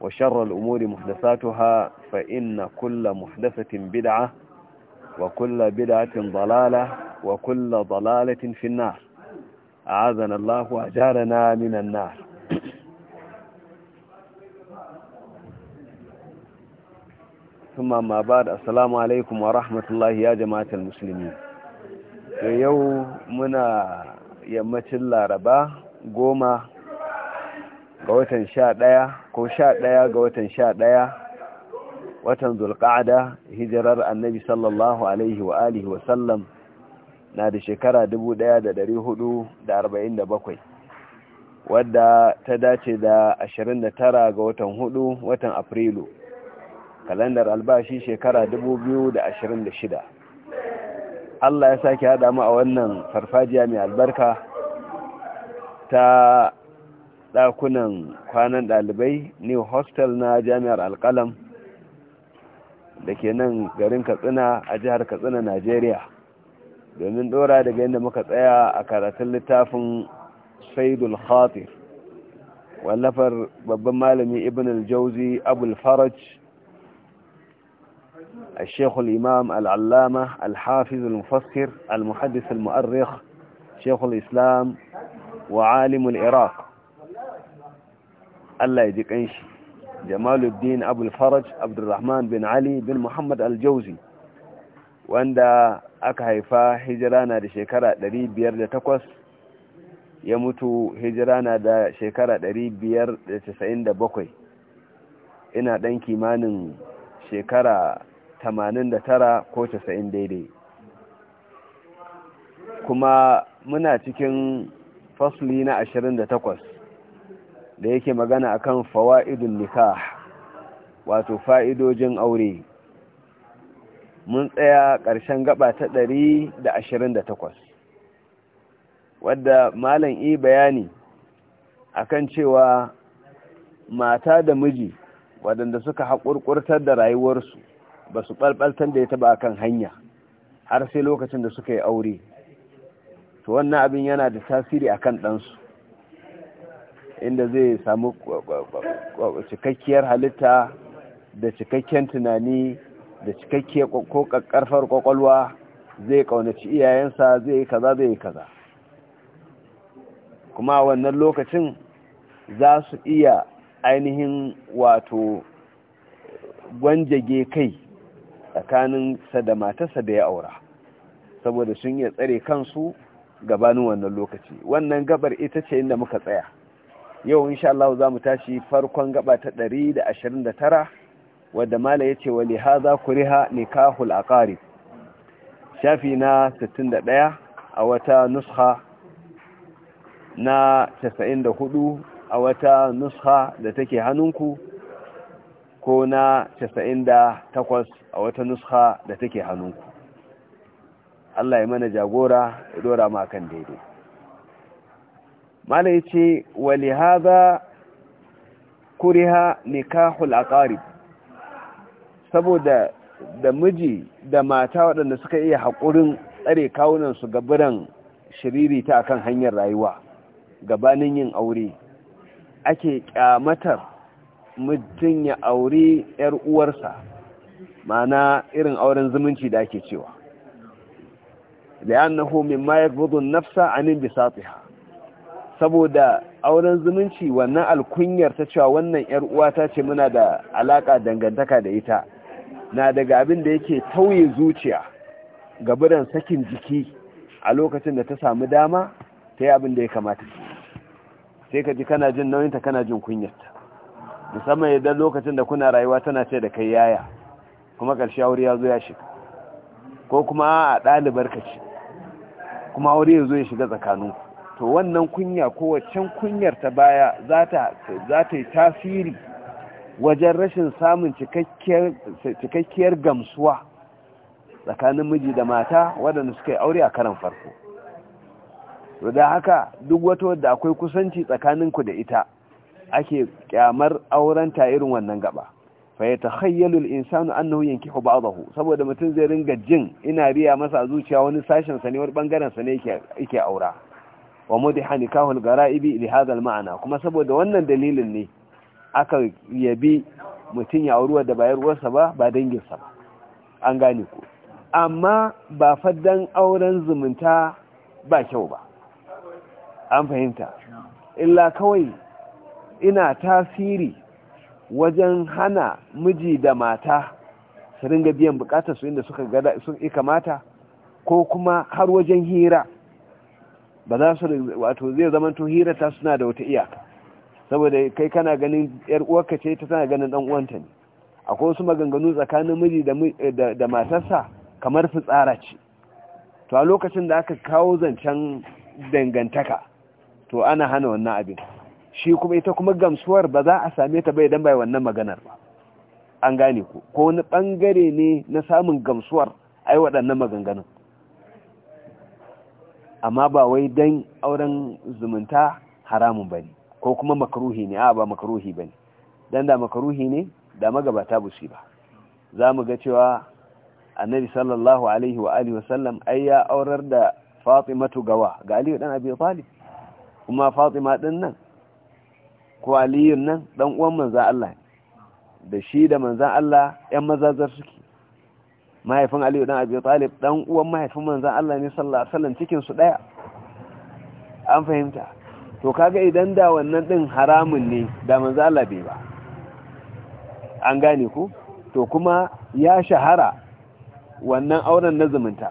وشر الأمور محدثاتها فإن كل محدثة بدعة وكل بدعة ضلالة وكل ضلالة في النار أعاذنا الله وأجارنا من النار ثم ما بعد السلام عليكم ورحمة الله يا جماعة المسلمين يوم منا يمتل ربا قوما ga watan sha ɗaya ko sha ɗaya ga watan sha ɗaya watan zulƙa'ada hijirar annabi sallallahu alaihi wa alihi sallam na da shekara bakwai wadda ta dace da ashirin da tara ga watan hudu watan afrilu kalandar albashi shekara da shida. Allah ya sake haɗa mu a wannan farfajiya mai albarka ta ɗakunan kwanan ɗalibai new hostel na jami'ar alkalam da ke nan garin katsina a jihar katsina najeriya domin ɗora daga yadda muka tsaya a karatun littafin saidul khatir wallafar babban malami ibn al-jauzi abul faraj الشيخ الإمام العلامة الحافظ المفسر المحدث المؤرخ شيخ الإسلام وعالم العراق Allah ya ji kanshi jamaluddin abul faraj abdurrahman bin ali bin muhammad aljauzi wanda aka haifa hijirana da shekara 508 ya mutu hijira na da shekara 597 ina dan kimanin shekara 89 ko 90 daidai kuma muna cikin fasli na 28 da yake magana akan fawa'idun nikah wato fa'idojin aure mun tsaya ƙarshen gaba ta ɗari da ashirin da takwas, wadda malam yi e bayani akan cewa mata da miji waɗanda suka haƙurƙurtar da rayuwarsu ba su ɓalɓaltar da ya taɓa kan hanya har sai lokacin da suka yi aure to wannan abin yana da tasiri a kan ɗansu inda zai samu cikakkiyar halitta da cikakken tunani da cikakkiyar ko karfar kwakwalwa zai kaunaci iyayensa zai yi kaza zai yi kaza kuma wannan lokacin za su iya ainihin wato gwanjage kai tsakanin sa da matarsa da ya aura saboda sun iya tsare kansu gabanin wannan lokaci wannan gabar ita ce inda muka tsaya yau insha Allah za mu tashi farkon gaba ta ɗari da da tara wadda mala yace wali hadha kuriha nikahul aqarib shafi na 61 a wata nusha na 94 a wata nusha da take hannunku ko na 98 a wata nusha da take hannunku Allah ya mana jagora ya dora ma kan daidai mala ya ce wali haza kuriha nikahul aqarib saboda da miji da mata waɗanda suka iya haƙurin tsare kawunansu ga biran shiriri ta akan hanyar rayuwa gabanin yin aure ake kyamatar mutum ya aure 'yar uwarsa mana irin auren zumunci da ake cewa da ya annahu mimma a nafsa anin bisatiha saboda auren zumunci wannan alkunyar ta cewa wannan yar uwa ta ce muna da alaka dangantaka da ita na daga abin da yake tauye zuciya ga biran sakin jiki a lokacin da ta samu dama ta yi abin da ya kamata sai ka ji kana jin nauyinta kana jin kunyarta musamman idan lokacin da kuna rayuwa tana ce da kai yaya kuma ƙarshe aure ya zo ya shiga ko kuma a ɗalibar ka ce kuma aure ya zo ya shiga tsakaninku to wannan kunya ko waccan kunyar ta baya za ta yi tasiri wajen rashin samun cikakkiyar gamsuwa tsakanin miji da mata waɗanda suka yi aure a karan farko to da haka duk wata wadda akwai kusanci tsakaninku da ita ake kyamar aurenta irin wannan gaba fa ya an al-insanu annahu yankihu ba'dahu saboda mutum zai ringa jin ina riya masa zuciya wani sashen sa ne wani bangaren sa ne yake aura wa mudiha nikahul gara'ibi li hadha al-ma'na kuma saboda wannan dalilin ne aka yabi mutun ya auruwa da bayarwarsa sa ba ba dangin ba an gane ku amma ba faddan auren zumunta ba kyau ba an fahimta illa kawai ina tasiri wajen hana miji da mata su ringa biyan bukatar su inda suka gada su ikamata ko kuma har wajen hira ba za su wato zai zama to ta suna da wata iyaka saboda kai kana ganin yar uwarka ce ta tana ganin dan uwanta ne akwai wasu maganganu tsakanin miji eh, da da matarsa kamar fitsara ce to a lokacin da aka kawo zancen dangantaka to ana hana wannan abin shi kuma ita kuma gamsuwar ba za a same ta bai dan bai wannan maganar ba an gane ku ko wani bangare ne na samun gamsuwar ai waɗannan maganganun amma ba wai dan auren zumunta haramun bane ko kuma makaruhi ne a ba makaruhi bane dan da makaruhi ne da magabata ba su ba za mu ga cewa annabi sallallahu alaihi wa alihi wasallam ai ya aurar da fatimatu gawa ga aliyu dan abi talib kuma fatima din nan ko aliyu nan dan uwan manzan Allah da shi da manzan Allah yan mazazar suke mahaifin aliyu dan abu talib dan uwan mahaifin manzan Allah ne sallallahu alaihi wasallam cikin su daya an fahimta to kaga idan da wannan din haramun ne da manzan Allah bai ba an gane ku to kuma ya shahara wannan auren na zumunta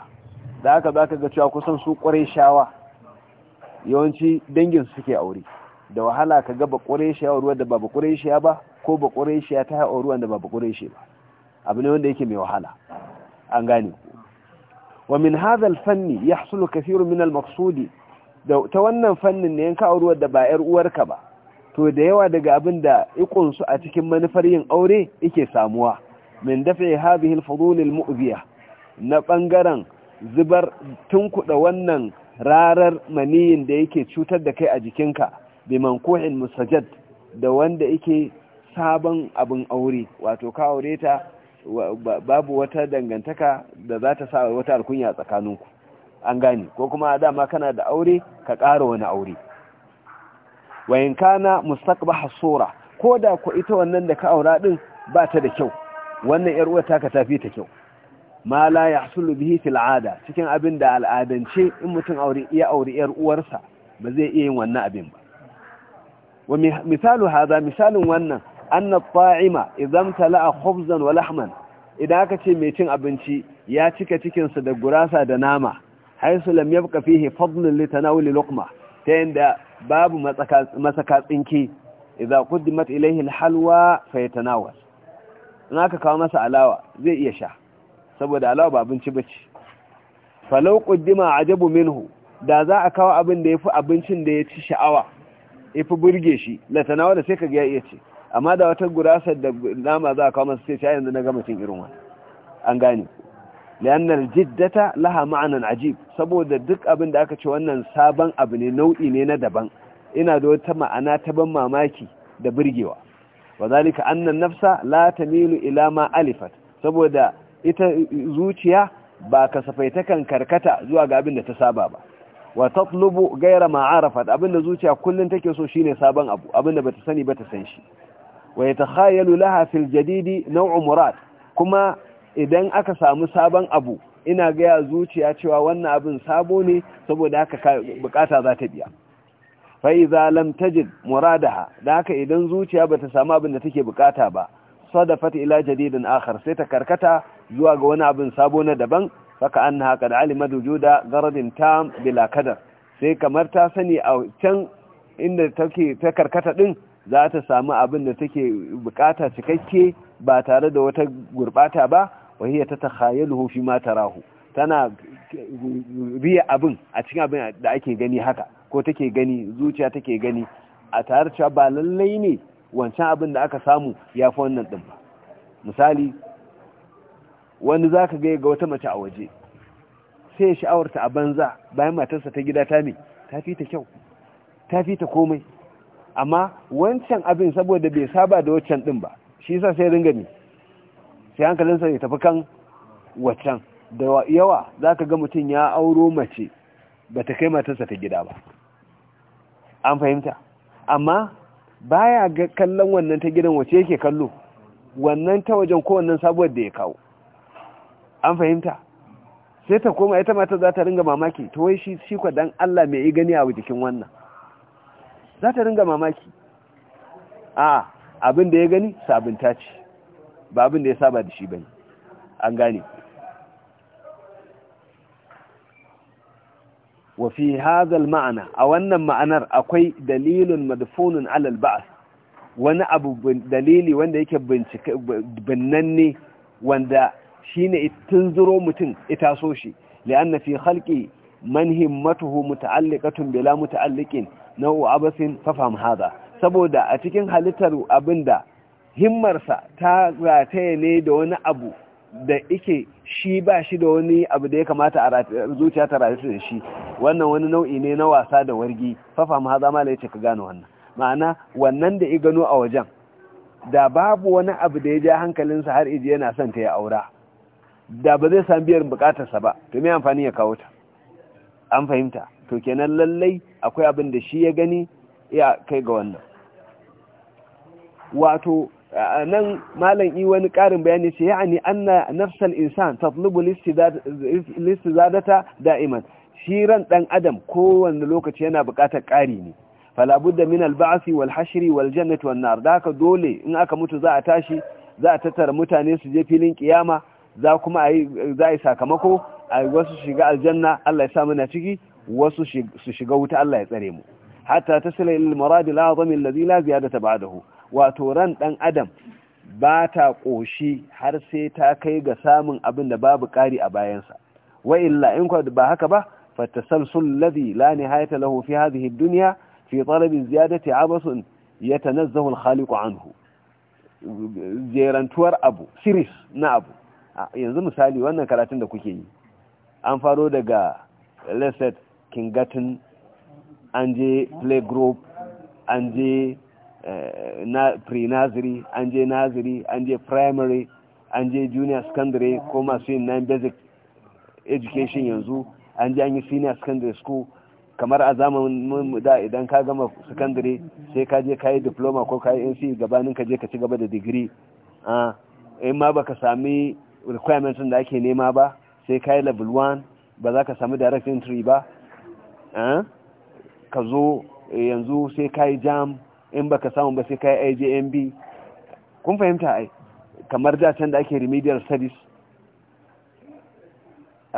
da aka baka ga cewa kusan su kwarai yawanci dangin suke aure da wahala ka ga bakure ruwa da ba bakure ba ko ba ta haɗa ruwa da ba bakure ba abu ne wanda yake mai wahala an gane wa min hadha al-fanni yahsulu kathiru min al-maqsudi ta wannan fannin ne yanka auruwar da ba yar uwarka ba to da yawa daga abin da ikon su a cikin manufar yin aure yake samuwa min dafi hadhihi al-fudul al na bangaren zubar tunkuda wannan rarar maniyin da yake cutar da kai a jikinka bi mankuhin musajjad da wanda yake sabon abin aure wato ka aure babu wata dangantaka da za ta sa wata alkunya a tsakaninku an gane ko kuma a dama kana da aure ka ƙara wani aure wayan kana mustaqbah hasura ko da ku ita wannan da ka aura din ba ta da kyau wannan yar uwar taka tafi ta kyau ma la yahsulu bihi fil ada cikin abin da al'adance in mutum aure iya aure yar uwarsa ba zai iya yin wannan abin ba wa misalu hada misalin wannan anna fa'ima idan tala'a khubzan wa lahman idan aka ce mai cin abinci ya cika cikinsa da gurasa da nama haisu lam yabqa fihi fadlun li ta yanda babu masaka tsinki idza quddimat ilayhi alhalwa fayatanawal in aka kawo masa alawa zai iya sha saboda alawa ba abinci bace falau quddima ajabu minhu da za a kawo abin da yafi abincin da ya ci sha'awa yafi burge shi la tanawala sai kaga ya iya ce amma da wata gurasar da nama za a kawo masu sai yanzu na gama cin irin wani an gane liyannar jiddata laha ma'anan ajib saboda duk abin da aka ce wannan sabon abu ne nau'i ne na daban ina da wata ma'ana ta ban mamaki da birgewa wa zalika annan nafsa la tamilu ila ma alifat saboda ita zuciya ba kasafai ta kan karkata zuwa ga abin da ta saba ba wa tatlubu gaira ma arafat abin da zuciya kullun take so shine sabon abu abin da bata sani ba ta san shi Wai ya takhayalu laha fil jadidi nau'u murad kuma idan aka samu sabon abu ina gaya zuciya cewa wannan abin sabo ne saboda haka bukata za ta biya fa'iza lam tajid muradaha da haka idan zuciya bata samu abin da take bukata ba sadafat ila jadidin akhar sai ta karkata zuwa ga wani abin sabo na daban saka annaha qad alima wujuda garadin tam bila kadar sai kamar ta sani a can inda take ta karkata din za ta samu abin da take bukata cikakke ba tare da wata gurbata ba wahiyar ta kaya fi ma tarahu tana riya abin a cikin abin da ake gani haka ko take gani zuciya take gani a tare cewa ba lallai ne wancan abin da aka samu ya fi wannan ɗin ba misali wani za ka ga wata mace a waje sai ya sha'awarta a banza bayan matarsa ta gida ta mai ta fi ta kyau ta fi ta komai amma wancan abin saboda bai saba da waccan din ba shi yasa sai ringa ne sai hankalinsa ya tafi kan waccan da yawa za ka ga mutum ya auro mace ba ta kai matarsa ta gida ba an fahimta amma baya ga kallon wannan ta gidan wace yake kallo wannan ta wajen ko wannan sabuwar da ya kawo an fahimta sai ta koma ita mata za ta ringa mamaki to wai shi shi dan Allah mai gani a jikin wannan za ta ringa mamaki a abin da ya gani sabunta ce ba abin da ya saba da shi bane an gane wa fi hazal ma'ana a wannan ma'anar akwai dalilun madfunun alal ba'as. wani abu dalili wanda yake bincike binnanne wanda shine tunzuro mutum ita so shi li'anna fi khalqi man himmatuhu muta'alliqatun bila muta'alliqin na abasin fafam haza saboda a cikin halittar abin da himmarsa ta rataye ne da wani abu da ike shi ba shi da wani abu da ya kamata a zuciya ta rataye da shi wannan wani nau'i ne na wasa da wargi fafam haza ma ce ka gano wannan ma'ana wannan da i gano a wajen da babu wani abu da ya ja hankalinsa har iji yana son ta yi aura da ba zai san biyar bukatarsa ba to me amfani ya kawo ta an fahimta to kenan lallai akwai abin da shi ya gani ya kai ga wannan wato nan malam yi wani karin bayani ce ya'ani na nafsal insan tatlubu zadata da'iman shi ran dan adam kowane lokaci yana bukatar ƙari ne falabud da min ba'asi wal hashiri wal jannati wal nar da dole in aka mutu za a tashi za a tattara mutane su je filin kiyama za kuma a yi sakamako a wasu shiga aljanna Allah ya sa muna ciki wasu su shiga wuta Allah ya tsare mu hatta tasla ilal maradi al-azam alladhi la ziyadata ba'dahu wato ran dan adam ba ta koshi har sai ta kai ga samun abin da babu kari a bayansa wa illa in ku ba haka ba fatasalsul ladhi la nihayata lahu fi hadhihi ad-dunya fi talabi ziyadati abasun yatanazzahu al-khaliq anhu jerantuwar abu siris na abu yanzu misali wannan karatun da kuke yi an faro daga lesset kingatin an je playgroup an je eh, pre-naziri an je naziri an je primary an je junior secondary ko masu yin nine basic education yanzu an je an yi senior secondary school kamar a zamanin da idan ka gama secondary sai ka je ka yi diploma ko ka yi nc e gabanin ka je ka ci gaba da digiri ah, in ma baka sami requirements da ake nema ba sai ka yi level 1 ba za ka sami direct entry ba Eh? ka zo eh, yanzu sai ka yi jam in baka samu ba sai ka yi ajmb kun fahimta ai kamar da can da ake remedial studies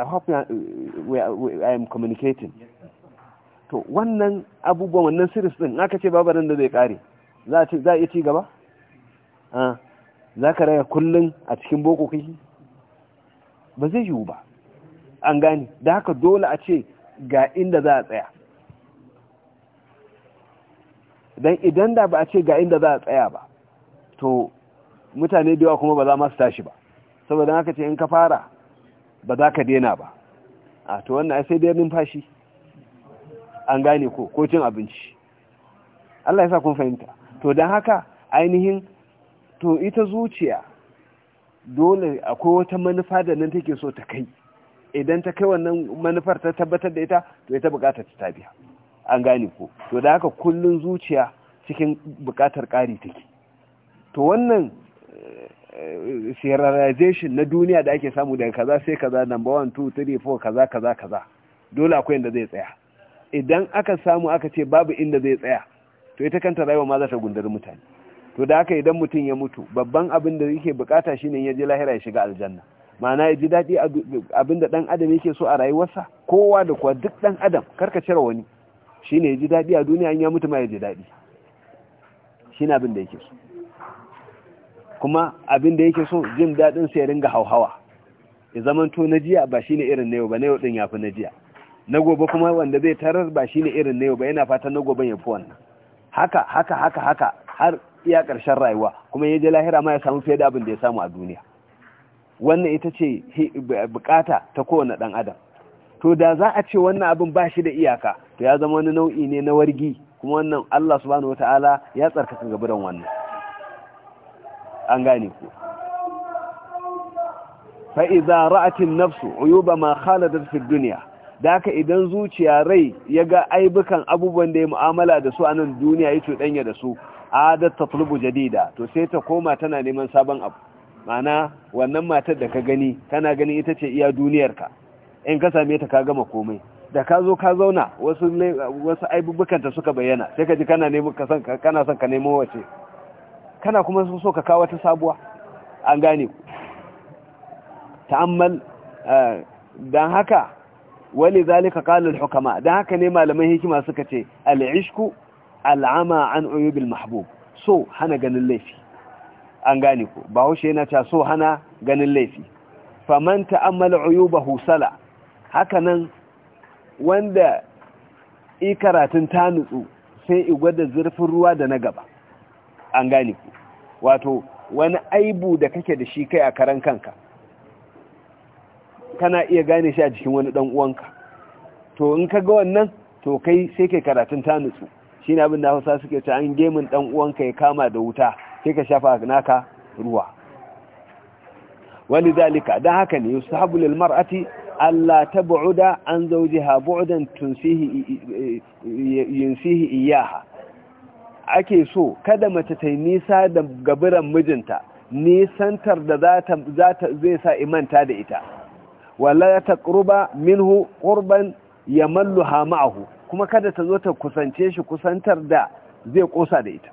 i hope i am communicating to wannan abubuwan wannan siris din aka ce babarin da zai kare za a iya ci gaba eh? za ka raya kullum a cikin boko kai ba zai yiwu ba an gani da haka dole a ce ga inda za a tsaya don idan da ba a ce ga inda za a tsaya ba to mutane da yawa kuma ba za masu tashi ba saboda haka ce in ka fara ba za ka dena ba a to wannan sai dai numfashi an gane ko ko cin abinci Allah ya sa kun fahimta to don haka ainihin to ita zuciya dole akwai wata manufa da nan take so ta kai idan ta kai wannan manufar ta tabbatar da ita to ita bukatar ta biya an gane ko to da haka kullun zuciya cikin bukatar ƙari take to wannan eh, serialization na duniya da ake samu daga kaza sai kaza number 1 2 3 4 kaza kaza kaza dole akwai inda zai tsaya idan aka samu aka ce babu inda zai tsaya to ita kanta rayuwa ma za ta gundari mutane to da haka idan mutum ya mutu babban abin da yake bukata shine ya je lahira ya shiga aljanna ma'ana ya ji daɗi abinda ɗan adam yake so a rayuwarsa kowa da kuwa duk ɗan adam karka cire wani shi ne ya ji daɗi a duniya an ya mutu ma ya ji daɗi shi ne abinda yake so kuma abinda yake so jin daɗin sai ringa hauhawa ya zamanto na jiya ba shi ne irin na yau ba na yau ɗin ya fi na jiya na gobe kuma wanda zai tarar ba shi ne irin na yau ba yana fatan na goben ya fi wannan haka haka haka haka har iya ƙarshen rayuwa kuma ya je lahira ma ya samu fiye da abin da ya samu a duniya wannan ita ce bukata ta kowane ɗan adam to da za a ce wannan abin ba shi da iyaka to ya zama wani nau'i ne na wargi kuma wannan Allah subhanahu wata'ala ya tsarkaka gaburan wannan an gane ku fa'iza ra'atin nafsu uyuba ma khaladar fi duniya da aka idan zuciya rai ya ga aibukan abubuwan da ya mu'amala da su a nan duniya ya cuɗanya da su adat ta jadida to sai ta koma tana neman sabon abu ma'ana wannan matar da ka gani kana ganin ita ce iya duniyarka in ka same ta ka gama komai da ka zo ka zauna wasu wasu aibubukanta suka bayyana sai ka ji kana nemo ka san kana son ka nemo wace kana kuma so ka kawo ta sabuwa an gane ku ta'ammal eh, dan haka wali zalika qala al-hukama dan haka ne malaman hikima suka ce al-ishku al'ama an uyubil mahbub so hana ganin laifi an gane ku ba bahaushe yana ta so hana ganin laifi faman ta'ammala uyubahu sala hakanan wanda i karatun ta nutsu sai i gwada zurfin ruwa da na gaba an gane ku wato wani aibu da kake da shi kai a karan kanka kana iya gane shi a jikin wani dan uwanka to in ka ga wannan to kai sai kai karatun ta nutsu shine abin da Hausa suke ta an gemin dan uwanka ya kama da wuta sai ka shafa naka ruwa wani zalika don haka ne yusu habu lilmar'ati Allah ta bu'uda an zaujiha bu'udan yunsihi iyaha ake so kada mace ta yi nisa da gabiran mijinta nisantar da zai sa imanta da ita wala ya taqruba minhu mallu ha ma'ahu kuma kada ta zo ta kusance shi kusantar da zai kosa da ita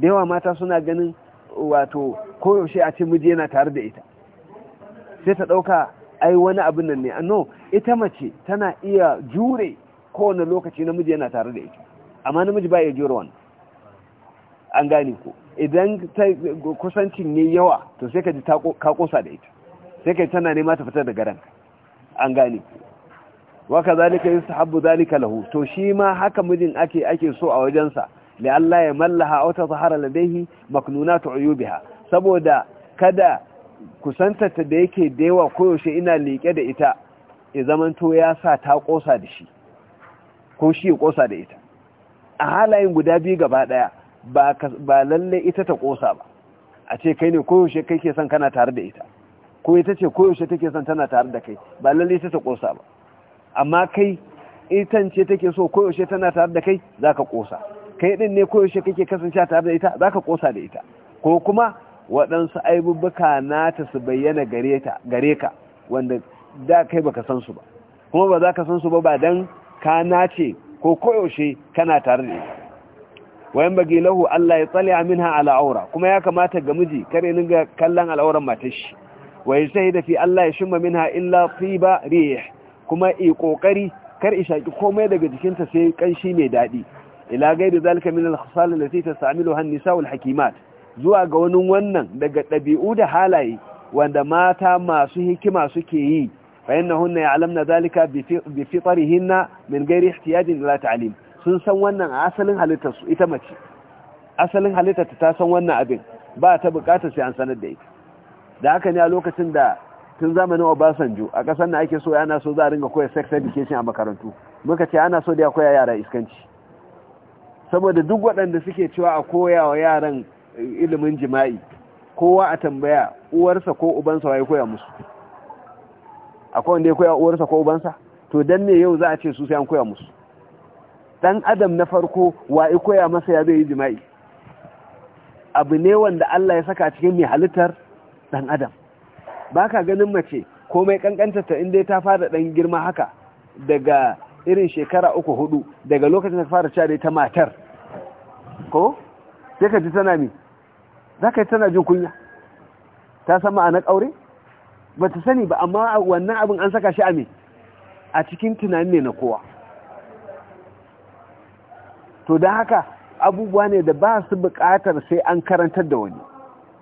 da yawa mata suna ganin wato koyaushe a ce miji yana tare da ita sai ta ɗauka ai wani abin nan ne ah, no ita mace tana iya jure kowane lokaci namiji yana tare da ita amma namiji ba ya jure wani an gane ko idan kusancin yayi yawa to sai ka ji ka kosa da ita sai ka tana nema ta fitar da garan an gane wa kadhalika yustahabbu zalika lahu to shi ma haka mijin ake ake so a wajensa da Allah ya mallaha a wata zahara ladaihi maknunatu uyubiha saboda kada ta da yake da yawa koyaushe ina liƙe da ita ya zamanto ya sa ta kosa da shi ko shi ya kosa da ita a halayen guda biyu gaba daya ba lalle ita ta ƙosa ba a ce kai ne koyaushe kai ke son kana tare da ita ko ita ce koyaushe take son tana tare da kai ba lalle ita ta ƙosa ba amma kai itan ce take so koyaushe tana tare da kai za ka ƙosa kai din ne koyaushe kake kasancewa tare da ita za ka kosa da ita ko kuma waɗansu aibubbuka ta su bayyana gare ka wanda da kai baka san su ba kuma ba za ka san su ba ba dan ka nace ko koyaushe kana tare da ita wayan bagi lahu Allah ya tsali minha ala aura kuma ya kamata ga miji kare ninga kallon al'auran matar shi wa yajtahida fi Allah ya shimma minha illa tiba rih kuma i kokari kar ishaki komai daga jikinta sai kanshi mai daɗi ila gaida zalika min al-khisal allati tasta'miluha an-nisa wal-hakimat zuwa ga wani wannan daga dabi'u da halaye wanda mata masu hikima suke yi fa innahunna ya'lamna zalika bi fitrihinna min ghairi ihtiyajin ila ta'lim sun san wannan asalin halittar su ita mace asalin halittar ta san wannan abin ba ta bukatar sai an sanar da ita da haka ne a lokacin da tun zamanin Obasanjo a kasar na ake so yana so za a ringa koya sex education a makarantu muka ce ana so da ya koya yara iskanci saboda duk waɗanda suke cewa a koya wa yaran ilimin jima'i kowa a tambaya uwarsa ko ubansa wa ya koya musu akwai wanda ya koya uwarsa ko ubansa to dan ne yau za a ce su sai an koya musu Ɗan adam na farko wa ya koya masa ya zai yi jima'i abu ne wanda Allah ya saka cikin mai halittar dan adam baka ganin mace komai kankanta ta inda ta fara dan girma haka daga irin shekara uku hudu daga lokacin da fara cari ta matar ko sai ka ji tana mi za ka yi tana jin kunya ta san ma'anar aure ba ta sani ba amma wannan abin an saka shi a me a cikin tunani ne na kowa to don haka abubuwa ne da ba su buƙatar sai an karantar da wani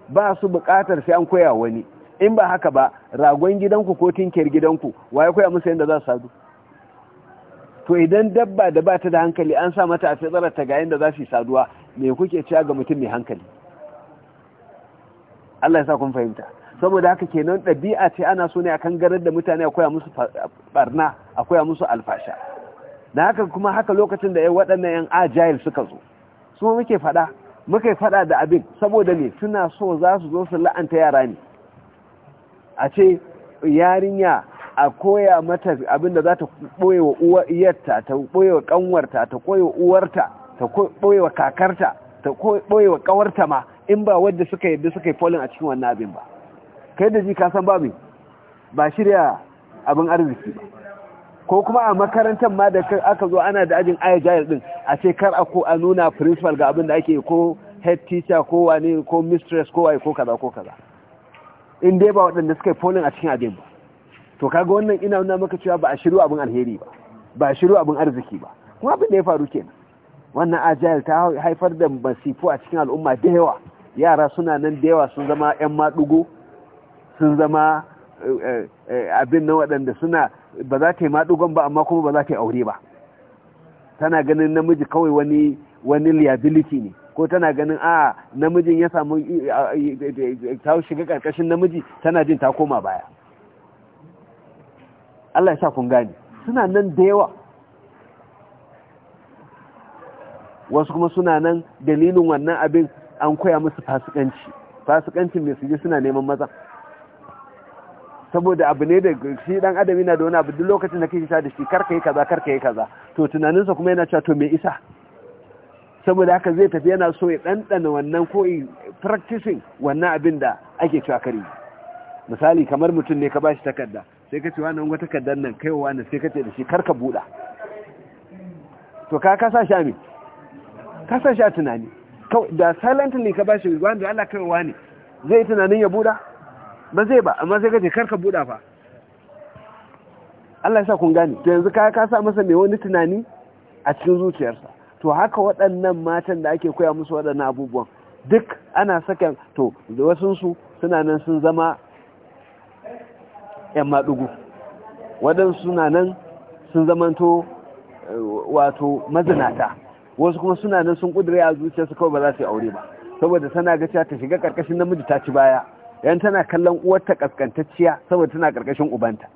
ba su buƙatar sai an koya wani in ba haka ba ragon gidanku ko tinkiyar gidanku waye koya musu yadda za su sadu to idan dabba da ba ta da hankali an sa mata a fitsarar ta ga da za su yi saduwa me kuke cewa ga mutum mai hankali Allah ya sa kun fahimta saboda haka kenan ɗabi'a ce ana so ne akan garar da mutane a koya musu barna a koya musu alfasha da haka kuma haka lokacin da ya waɗannan 'yan agile suka zo su muke faɗa muka faɗa da abin saboda ne suna so za su zo su la'anta yara ne a ce yarinya a koya mata abin da za ta ɓoye wa uwarta ta ɓoye wa ƙanwarta ta ɓoye wa uwarta ta ɓoye wa kakarta ta ɓoye wa ƙawarta ma in ba wadda suka yadda suka yi polin a cikin wannan abin ba kai da ji ka san babu ba shirya abin arziki ba ko kuma a makarantar ma da aka zo ana da ajin aya jayar din a ce kar a ko a nuna principal ga abin da ake ko head teacher ko wani ko mistress ko wai ko kaza ko kaza in dai ba waɗanda suka yi polin a cikin abin ba to kaga wannan ina nuna maka cewa ba a shiru abin alheri ba ba a shiru abin arziki ba kuma abin da ya faru kenan wannan ajiyar ta haifar da masifu a cikin al'umma da yawa yara suna nan da yawa sun zama 'yan maɗugo sun zama eh, eh, eh, abin na waɗanda suna ba za ta yi maɗugon ba amma kuma ba za ta yi aure ba tana ganin namiji kawai wani wani liability ne ko tana ganin a ah, namijin ya samu ta shiga ƙarƙashin namiji tana jin ta koma baya Allah ya sa kun gane suna nan da yawa wasu kuma suna nan dalilin wannan abin an koya musu fasikanci fasikancin mai suje suna neman maza saboda abu ne da shi dan adam yana da wani abu duk lokacin da kake sha da shi karka yi kaza karka yi kaza to tunaninsa kuma yana cewa to me isa saboda haka zai tafi yana so ya ɗanɗana wannan ko practicing wannan abin da ake cewa kare misali kamar mutum ne ka bashi takarda sai ka ce wani wata kaddan nan kai wani sai ka ce da shi karka buɗa to ka kasa sha me kasa sha tunani da silently ka shi wanda Allah kaiwa ne zai tunanin ya buɗa ba zai ba amma sai ka ce karka buɗa fa Allah ya sa kun gane to yanzu ka kasa masa mai wani tunani a cikin zuciyarsa to haka waɗannan matan da ake koya musu waɗannan abubuwan duk ana saka to wasunsu suna nan sun zama 'yan maɗugu waɗansu suna nan sun zamanto eh, wato mazinata wasu kuma suna nan sun ƙudure a zuciyarsu kawai ba za su yi aure ba saboda tana ga ta shiga ƙarƙashin namiji ta ci baya yan tana kallon uwarta ƙasƙantacciya saboda tana ƙarƙashin ubanta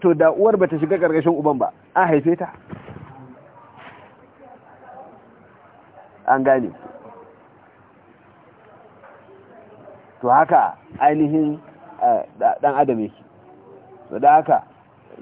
to da uwar ba ta shiga ƙarƙashin uban ba an haife ta an gane to haka ainihin dan adam yake so da haka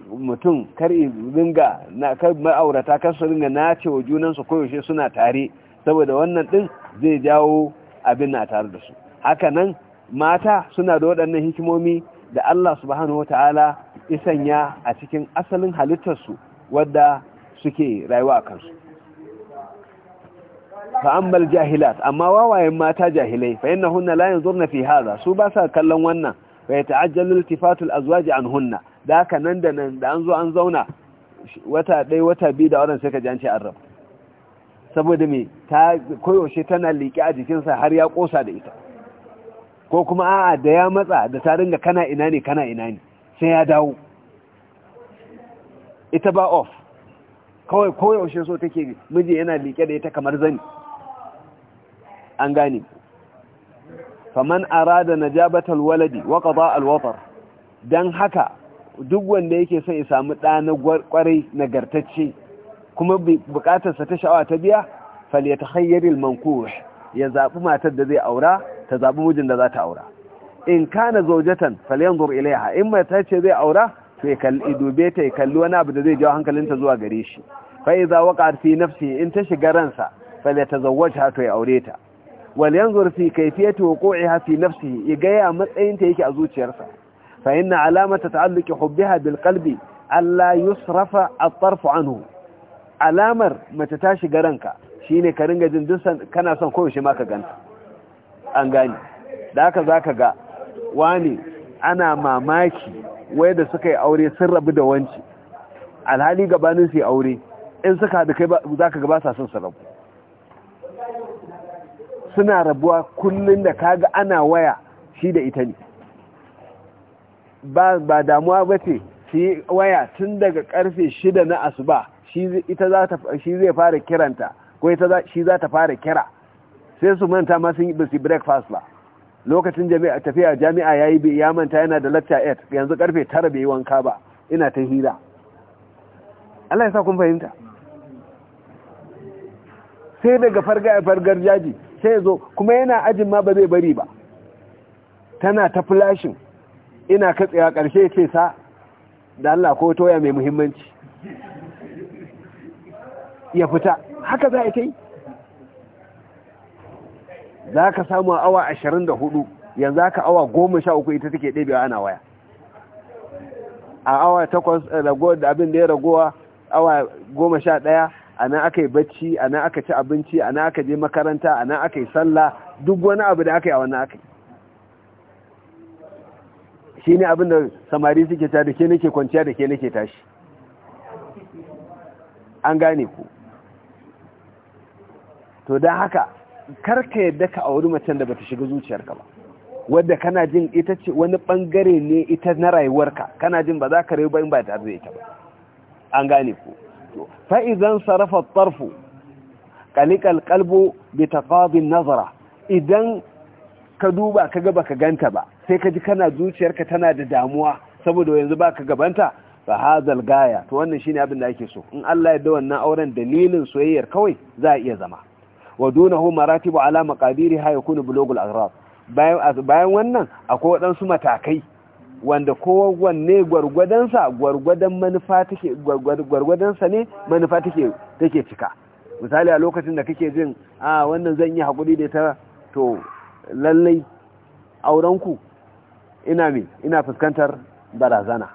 mutum kar dinga na kar ma'aurata kar su dinga nace wa junansu koyaushe suna tare saboda wannan din zai jawo abin na tare da su haka nan mata suna da waɗannan hikimomi da Allah subhanahu wata'ala isanya a cikin asalin halittarsu wadda suke rayuwa a kansu fa'ammal jahilat amma wawayen mata jahilai fa yana hunna layin zurna fi haza su ba sa kallon wannan wa yata'ajjalu iltifatul azwaji hunna da aka nan da nan da an zo an zauna wata ɗaya wata biyu da wannan sai ka ji an ce rabu saboda me ta koyaushe tana liƙe a jikinsa har ya kosa da ita ko kuma a'a da ya matsa da ta ringa kana ina ne kana ina ne sai ya dawo ita ba off kawai koyaushe so take miji yana liƙe da ita kamar zani an gane faman arada najabatal waladi wa qada al watar dan haka duk wanda yake son ya samu ɗa na kwarai nagartacce kuma bukatarsa ta sha'awa ta biya falyatahayyar al-mankuh ya zabi matar da zai aura ta zabi mijin da za ta aura in kana zawjatan falyanzur ilaiha in mata ce zai aura to ya kalli dube ta ya kalli wani abu da zai jawo hankalinta zuwa gare shi fa idza waqa'at fi nafsi in ta shiga ransa falyatazawwajha to ya aure ta wal yanzur fi kayfiyati wuqu'iha fi nafsihi ya gaya ya matsayin ta yake a zuciyarsa fa inna alamata ta'alluqi hubbiha bil qalbi alla yusrafa at-tarf anhu alamar mace ta shiga ranka shine ka ringa jin dusan kana son koyaushe ma ka ganta an gani da haka zaka ga wani ana mamaki wai da suka yi aure sun rabu da wanci alhali gabanin su aure in suka haɗu kai za ka gaba sa son su rabu suna rabuwa kullum da kaga ana waya shi da ita ne ba damuwa ba ce shi waya tun daga karfe shida na asuba shi zai fara kiranta ko shi za ta fara kira sai su manta ma sun yi bisi breakfast ba lokacin tafiya jami'a ya yi ya manta yana da lacca 8 yanzu karfe 9 bai yi wanka ba ina ta hira Allah ya sa kun fahimta sai daga fargar jaji sai zo kuma yana ajin ma ba zai bari ba tana ta flashin ina katsewa ƙarshe ce sa da Allah ko toya mai muhimmanci ya fita haka za a kai za ka samu awa 24 yanzu ka awa 13 ita take ɗabewa ana waya a awa 8 eh, da abin da ya ragowa awa 11 a nan aka yi bacci a nan aka ci abinci a nan aka je makaranta a nan aka yi sallah duk wani abu da aka yi a wannan aka yi shi ne abin da samari suke ta da ke nake kwanciya da ke nake tashi an gane ku to don haka karka yadda ka auri macen da bata shiga zuciyarka ba wadda kana jin ita ce wani bangare ne ita na rayuwarka kana jin ba za ka rayu ba in ba ta zai ta ba an gane ku fa'izan sarrafa tarfu ƙalikal kalbo bi taqadin nazara idan ka duba ka ga baka ganta ba sai ka ji kana zuciyarka tana da damuwa saboda yanzu baka gabanta fa hazal gaya to wannan shine abin da ake so in Allah ya da wannan auren dalilin soyayyar kawai za a iya zama wa dunahu maratibu ala maqadiriha yakunu bulugul aghrab bayan bayan wannan akwai wadansu matakai wanda kowanne gwargwadonsa gwargwadon manufa take gwargwadonsa ne manufa take take cika misali a lokacin da kake jin a wannan zan yi hakuri da ta to lallai aurenku ina me ina fuskantar barazana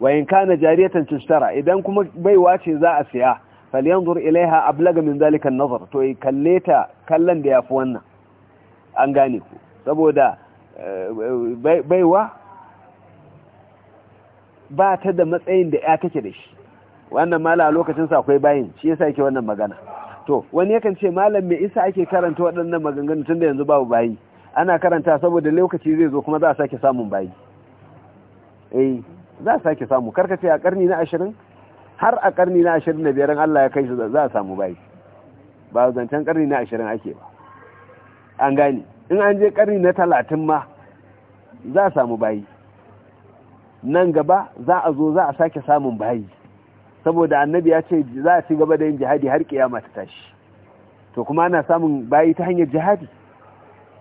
wayan kana jariyatan tushtara idan kuma baiwa ce za a siya falyanzur ilaiha ablaga min zalika nazar to kalleta ta kallon da yafi wannan an gane ku saboda baiwa ba ta da matsayin da ya take da shi wannan mala a lokacin sa akwai bayin shi yasa yake wannan magana to wani yakan ce malam me isa ake karanta waɗannan maganganu tun da yanzu babu bayi ana karanta saboda lokaci zai zo kuma za a sake samun bayi eh za a sake samu karkace a karni na ashirin har a karni na ashirin da biyar Allah ya kai shi za a samu bayi ba zancen karni na ashirin ake ba an gane in an je ƙari na talatin ma za a samu bayi nan gaba za a zo za a sake samun bayi saboda annabi ya ce za a ci gaba da yin jihadi har kiyama ta tashi to kuma ana samun bayi ta hanyar jihadi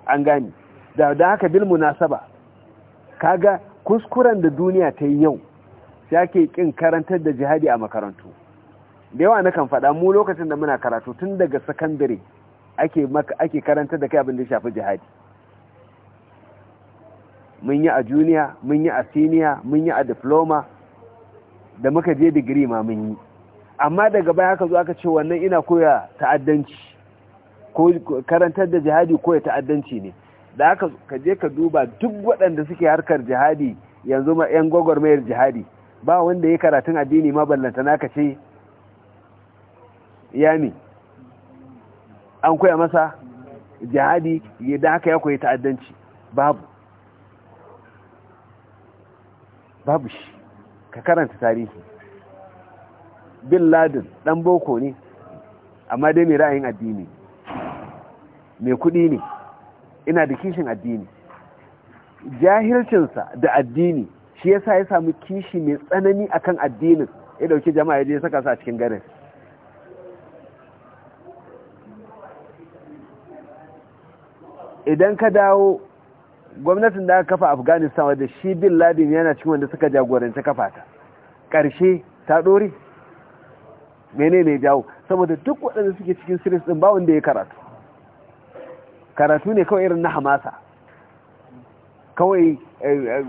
an gani da don haka bil munasaba kaga kuskuren da duniya ta yi yau sai ake kin karantar da jihadi a makarantu da yawa na kan faɗa mu lokacin da muna karatu tun daga sakandare ake maka ake karanta da kai abin da ya shafi jihadi mun yi a juniya mun yi a senior mun yi a diploma da muka je degree ma mun yi amma daga baya aka zo aka ce wannan ina koya ta'addanci ko karantar da jihadi koya ta'addanci ne da aka ka je ka duba duk waɗanda suke harkar jihadi yanzu ma yan gwagwarmayar jihadi ba wanda ya karatun addini ma ballanta ka ce yami an koya masa jihadi ya haka ya koyi ta'addanci babu babu shi ka karanta tarihi bin ladin dan boko ne amma dai mai ra'ayin addini mai kudi ne ina da kishin addini jahilcinsa da addini shi yasa ya samu kishi mai tsanani akan addinin ya dauki jama'a ya je saka su a cikin garin idan ka dawo gwamnatin da aka kafa afghanistan wadda shi bin ladin yana cikin wanda suka jagoranci kafa ta ƙarshe ta ɗori? mene ne jawo saboda duk waɗanda suke cikin siris ɗin ba wanda ya karatu karatu ne kawai irin na hamasa kawai eh, eh,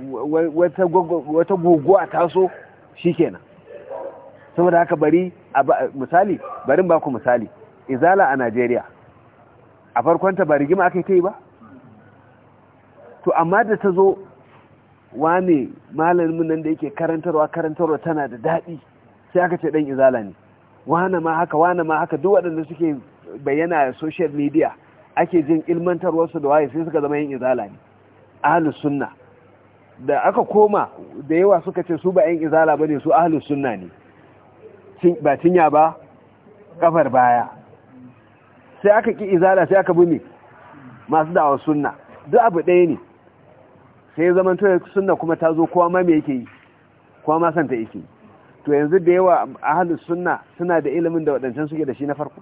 wata guguwa taso shi kenan saboda haka bari misali barin baku misali izala a najeriya a farkonta ba rigima aka yi yi ba to amma da ta zo wane malamin nan da yake karantarwa karantarwa tana da daɗi sai aka ce ɗan izala ne wane ma haka wane ma haka duk waɗanda suke bayyana a social media ake jin ilmantarwarsu da waye sai suka zama yin izala ne ahalus sunna da aka koma da yawa suka ce su ba yan izala ba ne su ahalus sunna ne ba cinya ba kafar baya sai aka ki izala sai aka bi masu da'awar sunna duk abu ɗaya ne sai zaman to suna kuma ta zo kowa ma me yake yi kowa ma santa yake yi to yanzu da yawa a halin suna da ilimin da waɗancan suke da shi na farko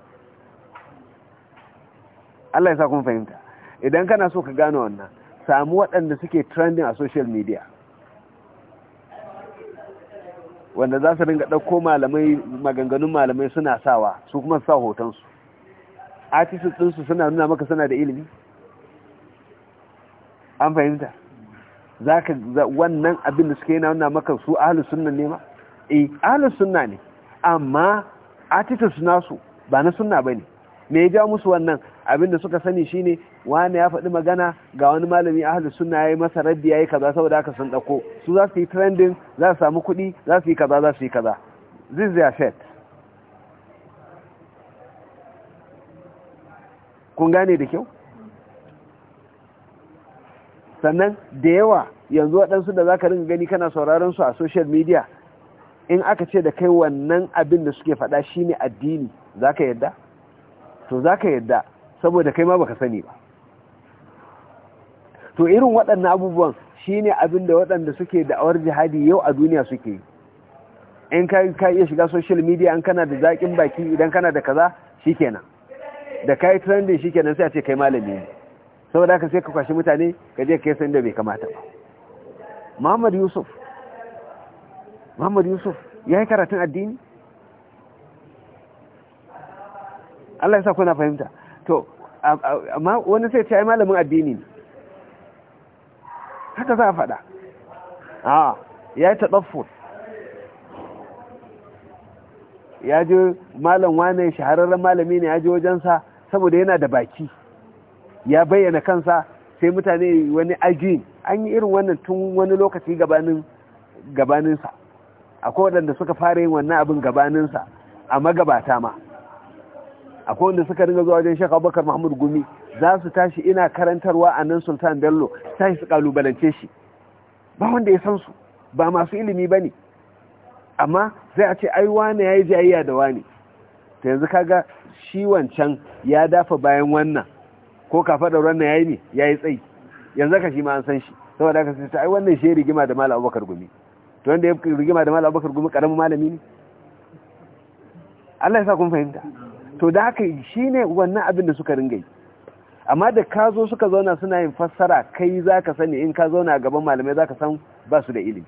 Allah ya sa kuma fahimta idan kana so ka gane wannan samu waɗanda suke trending a social media wanda za su ringa ɗauko malamai maganganun malamai suna sawa su kuma sa hotonsu artists ɗinsu suna nuna maka suna da ilimi an fahimta ka wannan abin da suke yana wannan maka su ahlus sunna ne ma eh ahlus sunna ne amma attitudes nasu ba na sunna ne. me ya ja musu wannan abin da suka sani shine wani ya faɗi magana ga wani malami suna sunna yi masa raddi yi kaza saboda haka sun ɗauko su za su yi trending za su samu kuɗi za su yi kaza za su yi kaza this their set kun gane da kyau sannan da yawa yanzu waɗansu da za ka rin gani kana sauraron su a social media in aka ce da kai wannan abin da suke faɗa shi ne addini za ka yadda? to za ka yadda saboda kai ma baka sani ba to irin waɗannan abubuwan shi ne abin da waɗanda suke da'awar jihadi yau a duniya suke yi in ka iya shiga social media an kana da zaƙin baki idan kana da kaza shi kenan da ka yi trending shi kenan sai a ce kai malami ne saboda haka sai ka kwashi mutane ka je ka san da bai kamata ba Muhammad Yusuf Muhammad Yusuf ya yi karatun addini Allah ya sa kuna fahimta to amma wani sai ce yi malamin addini ne haka za a faɗa a ya yi taɗaffur ya ji malam wane shahararren malami ne ya ji wajensa saboda yana da baki ya bayyana kansa sai mutane wani ajiyin an yi irin wannan tun wani lokaci gabaninsa akwai waɗanda suka fara yin wannan abin gabaninsa a magabata ma akwai wanda suka ringa zuwa wajen shekau bakar mahmud gumi za su tashi ina karantarwa a nan sultan bello tashi su kalubalance shi ba wanda ya san su ba masu ilimi ba ne amma zai a ce ai wane ya yi jayayya da wane ta yanzu kaga shi wancan ya dafa bayan wannan ko kafadar wannan yayi ne yi tsayi yanzu ka shi ma an san shi saboda haka sai ai wannan shi rigima da malam Abubakar gumi to wanda ya rigima da malam Abubakar gumi karamin malami ne Allah ya sa kun fahimta to da haka shine wannan abin da suka ringa yi amma da ka zo suka zauna suna yin fassara kai zaka sani in ka zauna a gaban malamai zaka san ba su da ilimi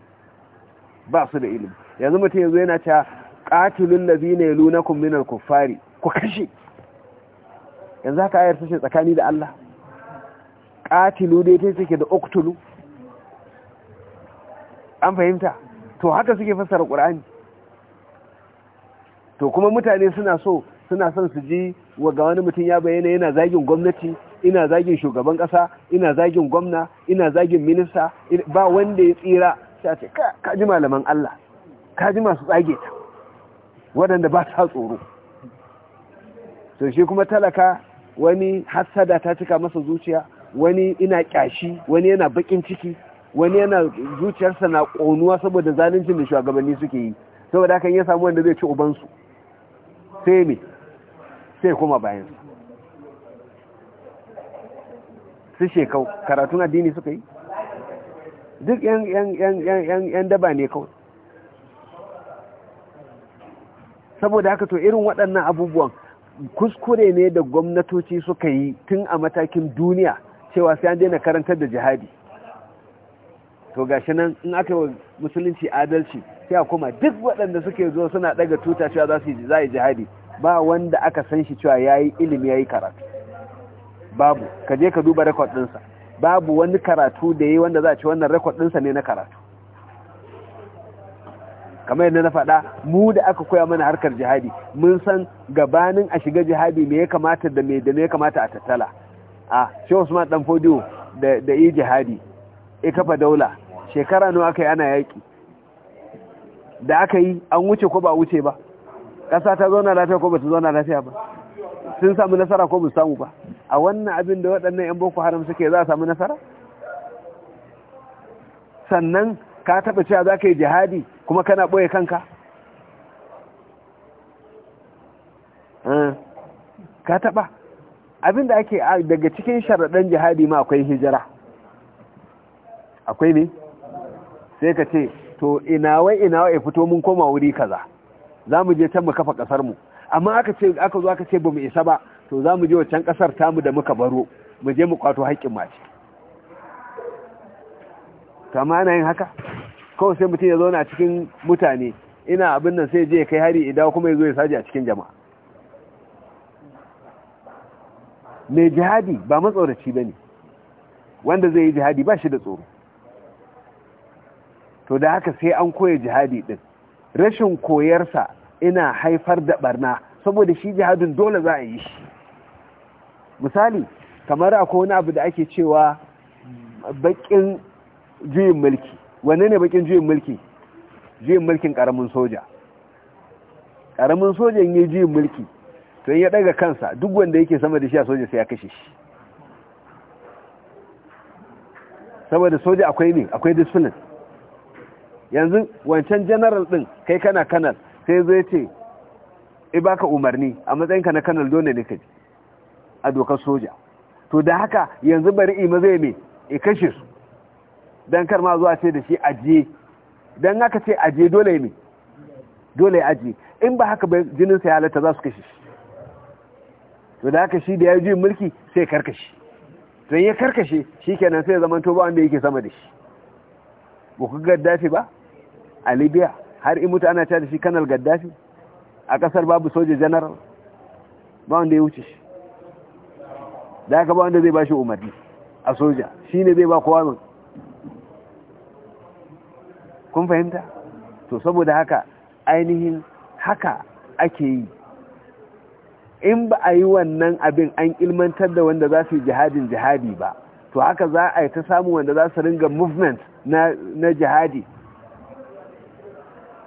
ba su da ilimi yanzu mutum yanzu yana ta qatilul ladina yalunakum minal kuffari ku kashe yanzu haka ayar sashe tsakani da Allah katilu dai ta suke da Oktulu. an fahimta to haka suke fassara ƙura'ani. to kuma mutane suna so suna son su ji wa wani mutum ya bayyana yana zagin gwamnati ina zagin shugaban ƙasa, ina zagin gwamna ina zagin minista ba wanda ya tsira sai ce ka ji malaman Allah ka ji masu tsage ta waɗanda ba sa tsoro to shi kuma talaka wani hasada ta cika masa zuciya wani ina kyashi wani yana bakin ciki wani yana zuciyarsa na ƙonuwa saboda zaluncin da shugabanni suke yi saboda hakan ya samu wanda zai ci ubansu sai me sai kuma bayan su shekau karatun addini suka yi duk yan daba ne kawai saboda haka to irin waɗannan abubuwan kuskure ne da gwamnatoci suka yi tun a matakin duniya cewa sai an daina karantar da jihadi to gashi nan in aka yi musulunci adalci sai a koma duk waɗanda suke zo suna ɗaga tuta cewa za su yi jihadi ba wanda aka san shi cewa ya yi ilimi ya yi karatu babu ka je ka duba rekod babu wani karatu da ya yi wanda za a ci wannan rekod ɗinsa ne na karatu kamar yadda na faɗa mu da aka koya mana harkar jihadi mun san gabanin a shiga jihadi me ya kamata da me da ya kamata a tattala a shi Usman dan Fodiyo da da yi jihadi e kafa daula shekara nawa aka yi ana yaki da aka yi an wuce ko ba wuce ba ƙasa ta zauna lafiya ko ba ta zauna lafiya ba sun samu nasara ko ba samu ba a wannan abin da waɗannan 'yan boko haram suke za a samu nasara sannan ka taɓa cewa za ka yi jihadi kuma kana ɓoye kanka ah, ka taɓa abinda ake daga cikin sharaɗin jihadi ma akwai hijira akwai ne sai ka ce to inawai inawai ya fito mun koma wuri kaza za mu je can mu kafa ƙasarmu amma aka ce aka zo aka ce ba mu isa ba to za mu je wacan ƙasar tamu da muka baro mu je mu kwato haƙƙin mace to amma ana yin haka kawai sai mutum ya zauna cikin mutane ina abin nan sai je kai hari idan kuma ya zo ya saji a cikin jama'a mai jihadi ba matsoraci ba ne wanda zai yi jihadi ba shi da tsoro to da haka sai an koya jihadi din rashin koyarsa ina haifar da barna saboda shi jihadin dole za a yi shi misali kamar akwai wani abu da ake cewa bakin juyin mulki wanne ne bakin juyin mulki juyin mulkin karamin soja karamin sojan ya juyin mulki to ya daga kansa duk wanda yake sama da shi a soja sai ya kashe shi saboda soja akwai ne akwai disfilin yanzu wancan janaral din kai kana kanal sai zai ce i baka umarni a matsayinka na kanal dole ne kaji a dokar soja to da haka yanzu bari ima zai me i kashe su don kar ma zuwa ce da shi ajiye don haka ce ajiye dole ne dole ajiye in ba haka ba jininsa ya halatta za su kashe shi to da haka shi da ya ji mulki sai karkashi to ya karkashe shi kenan sai zaman to ba wanda yake sama da shi ba ku gaddafi ba a libya har in mutu ana ta da shi kanal gaddafi a kasar babu soja general ba wanda ya wuce shi da haka ba wanda zai ba shi umarni a soja shi ne zai ba kowa kun fahimta to saboda haka ainihin haka ake yi in ba a yi wannan abin an ilmantar da wanda za su yi jihadin jihadi ba to haka za a yi ta samu wanda za su ringa movement na jihadi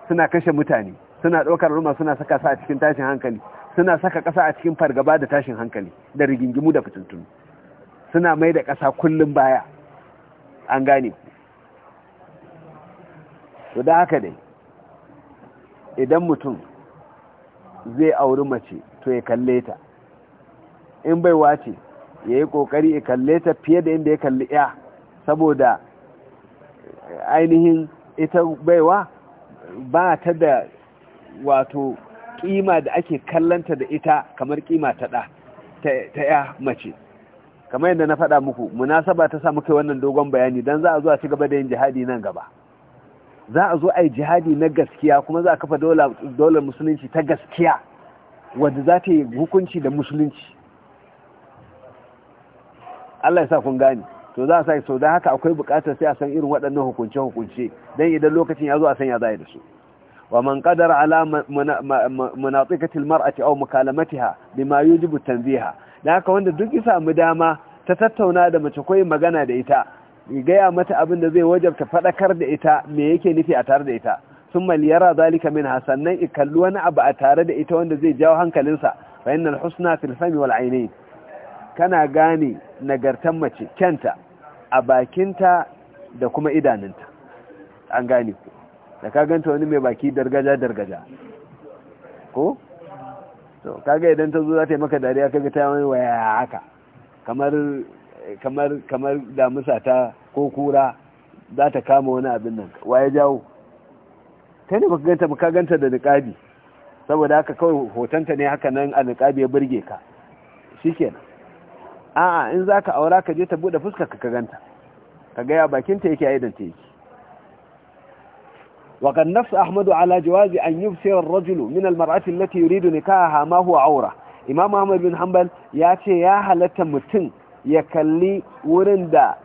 suna kashe mutane suna ɗaukar ruma suna saka sa a cikin tashin hankali suna saka ƙasa a cikin fargaba da tashin hankali da rigingimu da fitintunu suna mai da ƙasa kullum baya an gane to da haka dai idan mutum zai auri mace to ya kalle ta in bai wace ya yi kokari ya kalle ta fiye da inda ya kalli ya saboda ainihin ita baiwa ba ta da wato kima da ake kallanta da ita kamar kima ta da ta ya mace kamar yadda na faɗa muku munasaba ta samu kai wannan dogon bayani don za a zuwa ci gaba da yin jihadi nan gaba za a zo a yi jihadi na gaskiya kuma za a kafa dolar musulunci ta gaskiya wadda za ta yi hukunci da musulunci Allah ya sa kun gani to za a sa sau don haka akwai bukatar sai a san irin waɗannan hukunce-hukunce don idan lokacin ya zo a san ya zai da su wa man qadara ala munatiqatil mar'ati aw mukalamatiha bima yujibu tanziha dan haka wanda duk ya samu dama ta tattauna da mace koyi magana da ita gaya mata abin da zai wajabta faɗakar da ita me yake nufi a tare da ita sun maliyara zalika min sannan ikallu wani abu a tare da ita wanda zai jawo hankalinsa fa innal husna fil fami wal aini kana gane nagartan mace kyanta a bakinta da kuma idanunta an gane ku da ka ganta wani mai baki dargaja dargaja ko to kaga idan ta zo za ta yi maka dariya kaga ta wani waya haka kamar kamar kamar damusa ta ko kura za ta kama wani abin nan wa ya jawo kai ne baka ganta baka ganta da niƙabi saboda haka kawai hotonta ne haka nan a niƙabi ya burge ka shikenan a'a in za ka aura ka je ta buɗe fuska ka ganta ka gaya bakin ta yake aidan ta yake ahmadu ala jawazi an جواز أن rajulu min من المرأة التي nikaha نكاحها ما هو عورة imam أحمد بن ya ce ya halatta mutum. ya kalli wurin da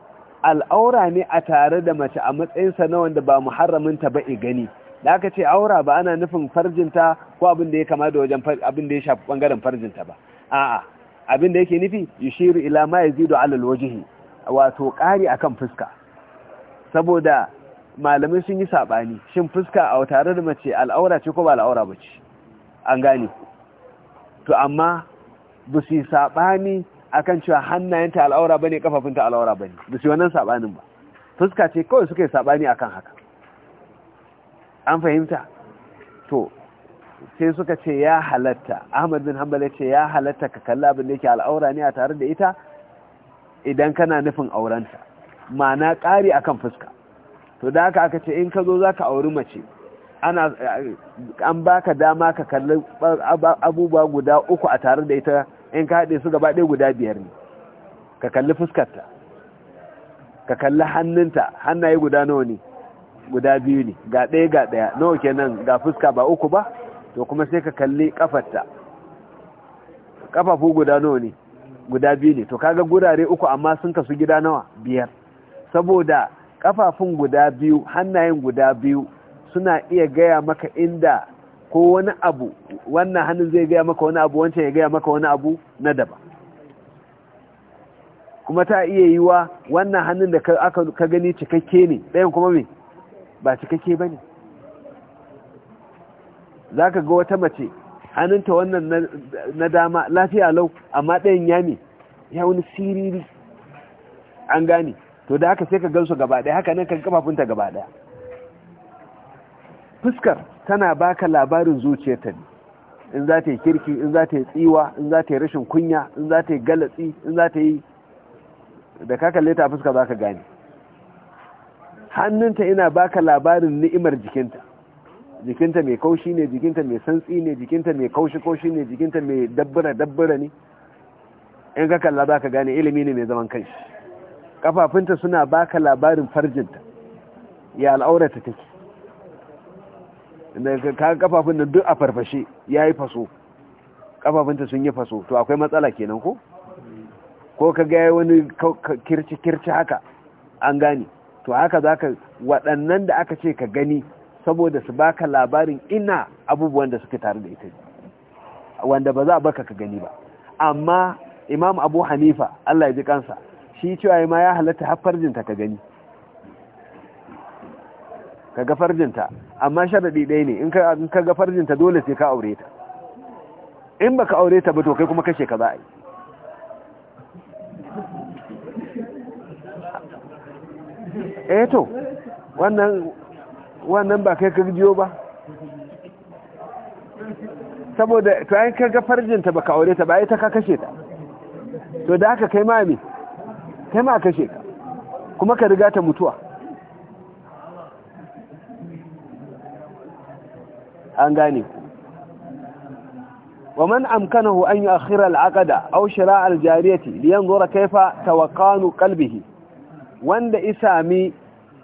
al'aura ne a tare da mace a matsayinsa na wanda ba muharraminta ba i gani da aka ce aura ba ana nufin farjinta ko abin da ya kama da wajen abin da ya shafi bangaren farjinta ba a'a abin da yake nufi yushiru ila ma yazidu ala alwajhi wato ƙari akan fuska saboda malamai sun yi sabani shin fuska a tare da mace al'aura ce ko ba al'aura ba ce an gane to amma ba su yi sabani akan cewa hannayenta al'aura bane kafafunta al'aura bane da shi wannan sabanin ba fuska ce kawai suka yi sabani akan haka an fahimta to sai suka ce ya halatta Ahmad bin Hanbal ya ce ya halatta ka kalla abin da yake al'aura ne a tare da ita idan kana nufin aurenta ma'ana ƙari akan fuska to da haka aka ce in ka zo zaka auri mace ana an baka dama ka kalli abubuwa guda uku a tare da ita in ka haɗe su gaba ɗaya guda biyar ne ka kalli fuskarta ka kalli hannunta hannaye guda nawa ne guda biyu ne ga ɗaya ga ɗaya nawa kenan ga fuska ba uku ba to kuma sai ka kalli ƙafarta ƙafafu guda nawa ne guda biyu ne to kaga gurare uku amma sun kasu gida nawa biyar saboda ƙafafun guda biyu hannayen guda biyu suna iya gaya maka inda ko wani abu wannan hannun zai gaya maka wani abu wancan ya gaya maka wani abu na daba kuma ta iya yi wa wannan hannun da aka ka gani cikakke ne ɗayan kuma me ba cikakke ba ne za ka ga wata mace hannunta wannan na dama lafiya lau amma ɗayan ya ne ya wani siriri an gane to da haka sai ka gansu gaba ɗaya haka nan kan kafafunta gaba ɗaya fuskar tana baka labarin zuciyarta ne in za ta yi kirki in za ta yi tsiwa in za ta yi rashin kunya in za ta yi galatsi in za ta yi da ka kalle ta fuska za ka gane hannunta ina baka labarin ni'imar jikinta jikinta mai kaushi ne jikinta mai santsi ne jikinta mai kaushi-kaushi ne jikinta mai dabbura-dabbura ne in ka kalla za ka gane ilimi ne mai zaman kanshi kafafunta suna baka labarin farjinta ya al'aurata take kaga kafafun nan duk a farfashe ya yi faso kafafunta sun yi faso to akwai matsala kenan ko ko ka gaya wani kirci-kirci haka an gane to haka za ka waɗannan da aka ce ka gani saboda su baka labarin ina abubuwan da suke tare da ita wanda ba za a baka ka gani ba amma imam abu hanifa allah ya ji kansa shi cewa ma ya halatta jinta ka gani ka ga farjinta amma sharadi ɗaya ne in ka ga farjinta dole sai ka aure ta in baka aure ta ba to kai kuma kashe ka za a yi eh to wannan wannan ba kai ka jiyo ba saboda to an ga farjinta baka aure ta ba ta ka kashe ta to da haka kai ma me kai ma kashe ka kuma ka riga ta mutuwa an gane wa man amkanahu an yu'akhkhira al-'aqda aw shira' al-jariyati liyanzura kayfa tawaqqanu qalbihi wanda isami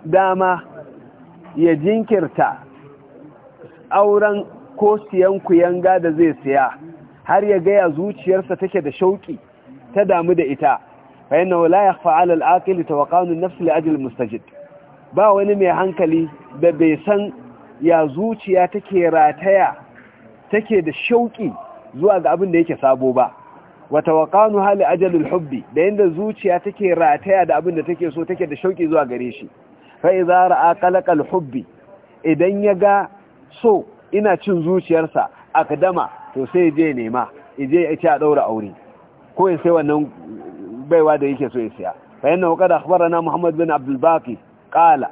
dama ya jinkirta auran ko siyan yanga da zai siya har ya ga zuciyarsa take da shauki ta damu da ita fa inna la yakhfa 'ala al-'aqli tawaqqanu an-nafs li ajli al-mustajid ba wani mai hankali da bai san ya zuciya take rataya take da shauki zuwa ga abin da yake sabo ba wata waƙanu hali ajalul hubbi da yadda zuciya take rataya da abin da take so take da shauki zuwa gare shi fa za ra'a kalakal hubbi idan ya ga so ina cin zuciyarsa akadama to sai je nema ije ya ci a daura aure ko ya sai wannan baiwa da yake so ya siya fa yana wakada akhbarana muhammad bin abdul baqi qala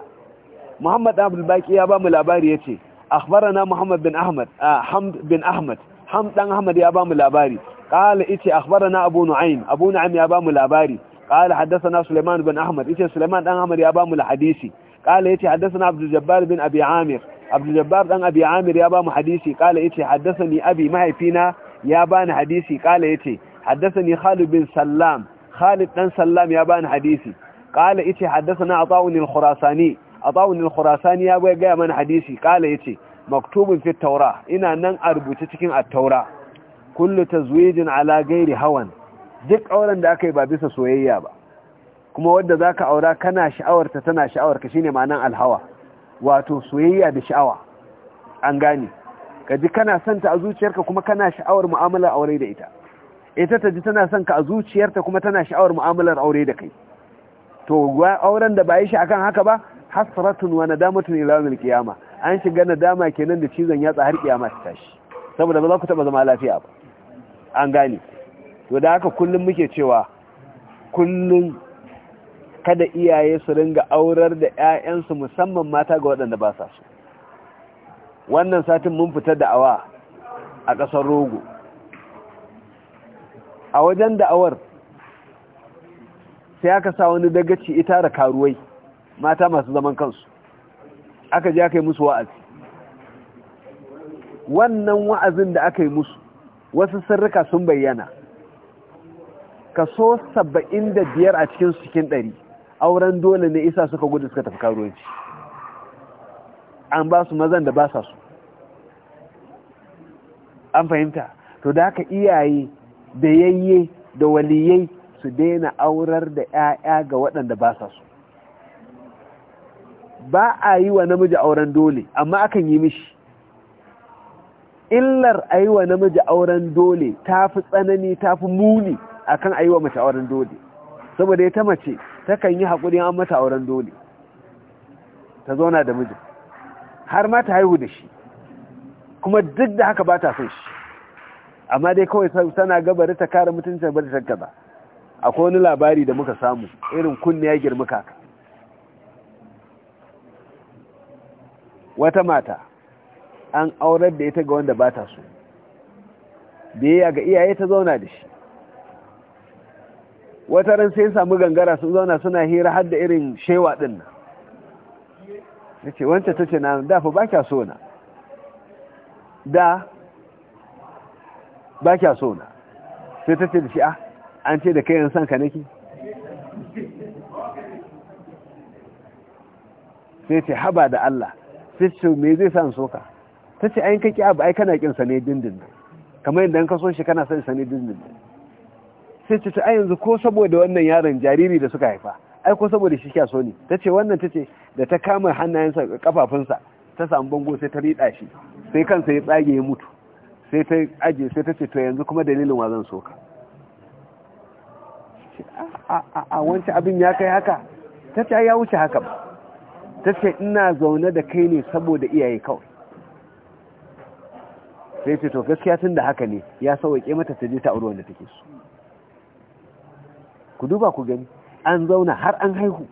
muhammad abdul baki ya ba mu labari yace akhbarana muhammad bin ahmad ah, hamd bin ahmad hamd ahmad ya ba mu labari qala yace akhbarana abu nu'aym abu nu'aym ya ba mu labari qala haddathana sulaiman bin ahmad yace sulaiman dan ahmad ya ba mu hadisi qala yace haddathana abdul jabbar bin abi amir abdul jabbar dan abi amir ya ba mu hadisi qala yace haddathani abi mahaifina ya bani hadisi qala yace haddathani khalid bin sallam khalid dan sallam ya bani hadisi qala yace haddathana ata'un al-khurasani ata'un al-khurasani ya bai gaya mana hadisi kala yace maktubun fi taura ina nan a rubuce cikin at-taura kullu tazwijin ala ghairi hawan duk auren da aka yi ba bisa soyayya ba kuma wadda zaka aura kana sha'awarta tana sha'awarka shine ma'anan al-hawa wato soyayya da sha'awa an gane kaji kana ta a zuciyarka kuma kana sha'awar mu'amalar aure da ita ita ta ji tana son ka a zuciyarta kuma tana sha'awar mu'amalar aure da kai to auren da ba yi shi akan haka ba hasratun wa nadamatun ila yawmil qiyama an shiga nadama kenan da cizon yatsa har kiyama ta tashi saboda ba za ku taba zama lafiya ba an gane to da haka kullum muke cewa kullum kada iyaye su ringa aurar da 'ya'yansu musamman mata ga waɗanda ba sa su wannan satin mun fita da awa a ƙasar rogo a wajen da'awar sai aka sa wani dagaci ita da karuwai mata masu zaman kansu aka je aka yi musu wa'azi wannan wa'azin da aka yi musu wasu sirrika sun bayyana kaso saba'in da biyar a cikin cikin ɗari auren dole ne isa suka gudu suka tafi karuwanci an ba su mazan da ba sa su an fahimta to da aka iyaye da yayye da waliyai su daina aurar da 'ya'ya ga waɗanda ba sa su ba a yi wa namiji auren dole amma akan yi mishi illar a yi wa namiji auren dole ta fi tsanani ta fi muni akan a yi wa mace auren dole saboda ya ta mace ta kan yi haƙuri an mata auren dole ta zauna da mijin har ma ta haihu da shi kuma duk da haka ba ta son shi amma dai kawai tana gabari ta kare mutuncin bari ta gaba akwai wani labari da muka samu irin kunne ya girma kaka wata mata an aurar da ita ga wanda ba ta so biyayya ga iyaye ta zauna da shi wata ran sai samu gangara sun zauna suna hira har da irin shewa din nan ya ce wancan ta ce na dafa ba kya so na da ba kya so na sai ta ce da shi a ah, an ce da kai yan san ka nake sai ce haba da Allah sai ce me zai sa in soka ta ce ayin kaki abu ai kana kin sa ne dindin kamar yadda ka so shi kana sani sa ne dindin sai ce ta yanzu ko saboda wannan yaron jariri da suka haifa ai ko saboda shi kya so ne ta ce wannan ta ce da ta kama hannayensa kafafunsa ta samu bango sai ta riɗa shi sai kansa ya tsage ya mutu sai ta aje sai ta ce to yanzu kuma dalilin wa zan soka a wancan abin ya kai haka ta ce ya wuce haka ba ta ce ina zaune da kai ne saboda iyaye kawai sai ce to gaskiya tun da haka ne ya sauwaƙe mata ta je ta auri wanda take so ku duba ku gani an zauna har an haihu